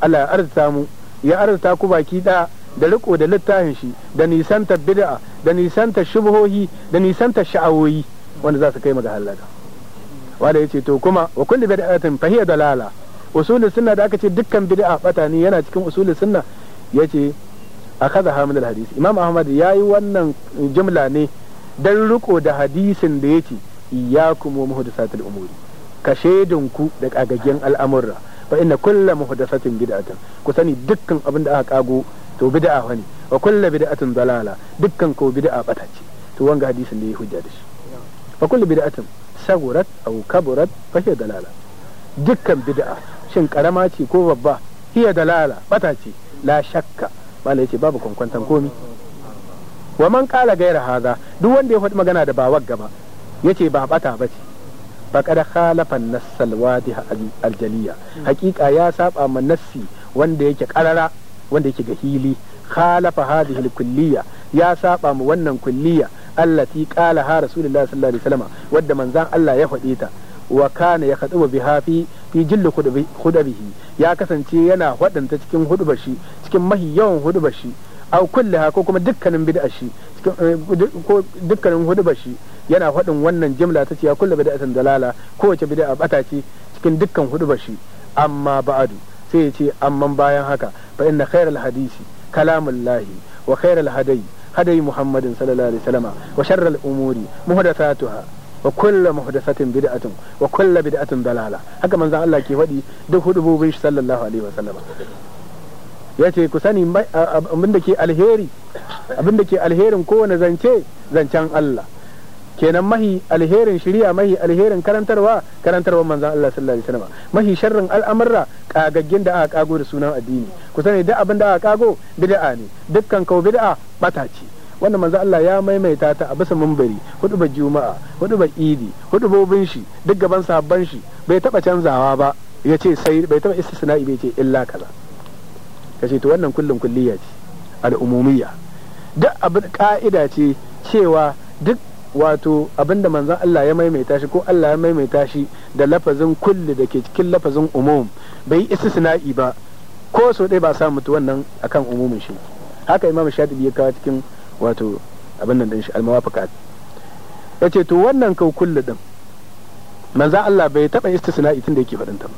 على أرزتامو يا أرزتاكو دا da riko da littafin shi da ta bid'a da ta shubhohi da nisantar sha'awoyi wanda za su kai ga halaka wanda yace to kuma wa kulli bid'atin fa hiya dalala usulul sunna da aka ce dukkan bid'a bata ne yana cikin usulul sunna yace akaza hamid al hadisi imam ahmad ya yi wannan jumla ne dan riko da hadisin da yace iyyakum wa muhdathatil umuri ka ku da kagagen al'amurra fa inna kullu muhdathatin bid'atun ku sani dukkan abin da aka kago to bid'a ne wa kullu bid'atin dalala dukkan ko bid'a bata ce to wanga hadisin da ya hujja da shi fa kullu bid'atin sagurat aw kaburat fa hiya dalala dukkan bid'a shin karama ce ko babba hiya dalala bata ce la shakka malai ce babu kwankwantan komi wa man kala gaira haza duk wanda ya faɗi magana da ba wagga ba yace ba bata bace faqad khalafa an-nass al-wadih al hmm. ya saba ma nassi wanda yake karara wanda yake ga hili khalafa hadhihi kulliya ya saba ma wannan kulliya allati qala ha rasulullahi sallallahu alaihi wasallam wadda manzan Allah ya faɗe ta wa kana ya khatuba biha fi fi jillu khudabihi ya kasance yana hudanta cikin hudubar shi cikin mahi yawan hudubar shi aw kullaha ko kuma dukkanin bid'a shi eh, ko dukkanin hudubar shi yana faɗin wannan jimla ta ce ya kulla bid'atin dalala kowace bid'a bata ce cikin dukkan hudubar shi amma ba'adu sai ya ce amma bayan haka fa inna khairal hadisi kalamullahi wa khairal hadayi hadayi muhammadin sallallahu alaihi wasallama wa sharral umuri muhdathatuha wa kulla muhdathatin bid'atun wa kulla bid'atin dalala haka manzon Allah ke faɗi duk hudubobin shi sallallahu alaihi wasallama ya ce ku sani abinda ke alheri abinda ke alherin kowane zance zancen Allah kenan mahi alherin shiriya mahi alherin karantarwa karantarwa manzon Allah sallallahu alaihi wasallam mahi sharrin al'amarra kagaggen da aka kago da sunan addini ku sani duk abin da aka kago bid'a ne dukkan kawo bid'a bata ce wanda manzan Allah ya maimaita ta a bisa hudu ba juma'a hudu ba idi hudu hudubobin shi duk gaban sabban shi bai taba canzawa ba ya ce sai bai taba istisna'i bai ce illa kaza kace to wannan kullun kulliya ce al'umumiyya duk abin ka'ida ce cewa duk wato abinda manzon Allah ya maimaita shi ko Allah ya maimaita shi da lafazin kulli da ke cikin lafazin umum bai istisna'i ba ko so dai ba sa mutu wannan akan umumin shi haka imam shatibi ya kawo cikin wato abin nan shi shi almawafaqat yace to wannan kau kulli din manzon Allah bai taba istisna'i tun da yake faɗin ta ba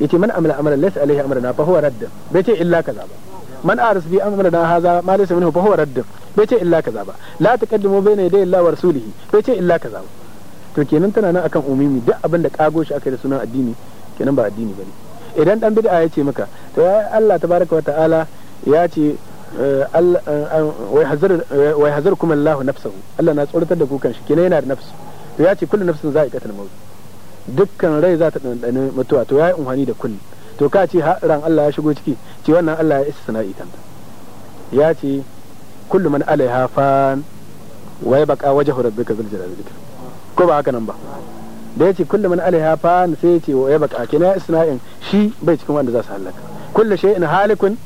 yace man amala amalan laysa alaihi amruna fa huwa radd bai ce illa kaza ba man aras bi amrana haza ma laysa minhu fa huwa radd bai ce illa kaza ba la taqaddimu bayna yaday illa wa rasulihi bai ce illa kaza ba to kenan tana nan akan umimi duk abin da kago shi aka da sunan addini kenan ba addini bane idan dan bid'a ya ce maka to Allah tabaraka wa ta'ala ya ce eh, eh, eh, wai hazar kuma Allah nafsahu Allah na tsoratar da kukan shi kenan yana da nafsu to ya ce kullu nafsin za'iqatul maut dukkan rai za ta dandane mutuwa to yayi umhani da kullu to ka ce ran Allah ya shigo ciki ce wannan Allah ya isa sana'i kanta ya ce kullu man alaiha wai baka yabqa wajhu rabbika zul jalali wal ko ba haka nan ba da ce kullum man alai hafan sai yace wa yabqa kina sana'in shi bai cikin wanda za su halaka shi in halikun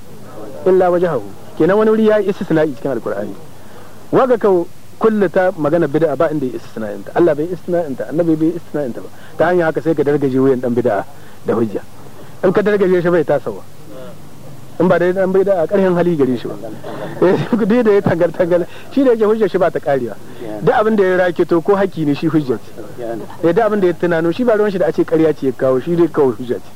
illa hahu kenan wani wuri ya yi isa sana'i cikin alkur'ani waga kawo kullu ta magana bid'a ba inda ya isa sana'in ta Allah bai isa sana'in ta annabi bai isa sana'in ta ba ta hanyar haka sai ka dargaje wuyan dan bid'a da hujja in ka dargaje shi bai ba in ba dai an bai da a hali gare shi ba eh, duk da ya tangal tangal shi da yake hujjar shi ba ta karewa duk abin da ya rake to ko haki ne shi hujjar ce eh, duk abin da ya tunano shi ba ruwan shi da a ce ce ya kawo shi dai kawai hujjar ce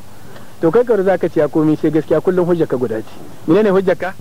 to kai ka za ka ce ya komi sai gaskiya kullum hujjar ka guda ce menene hujjar ka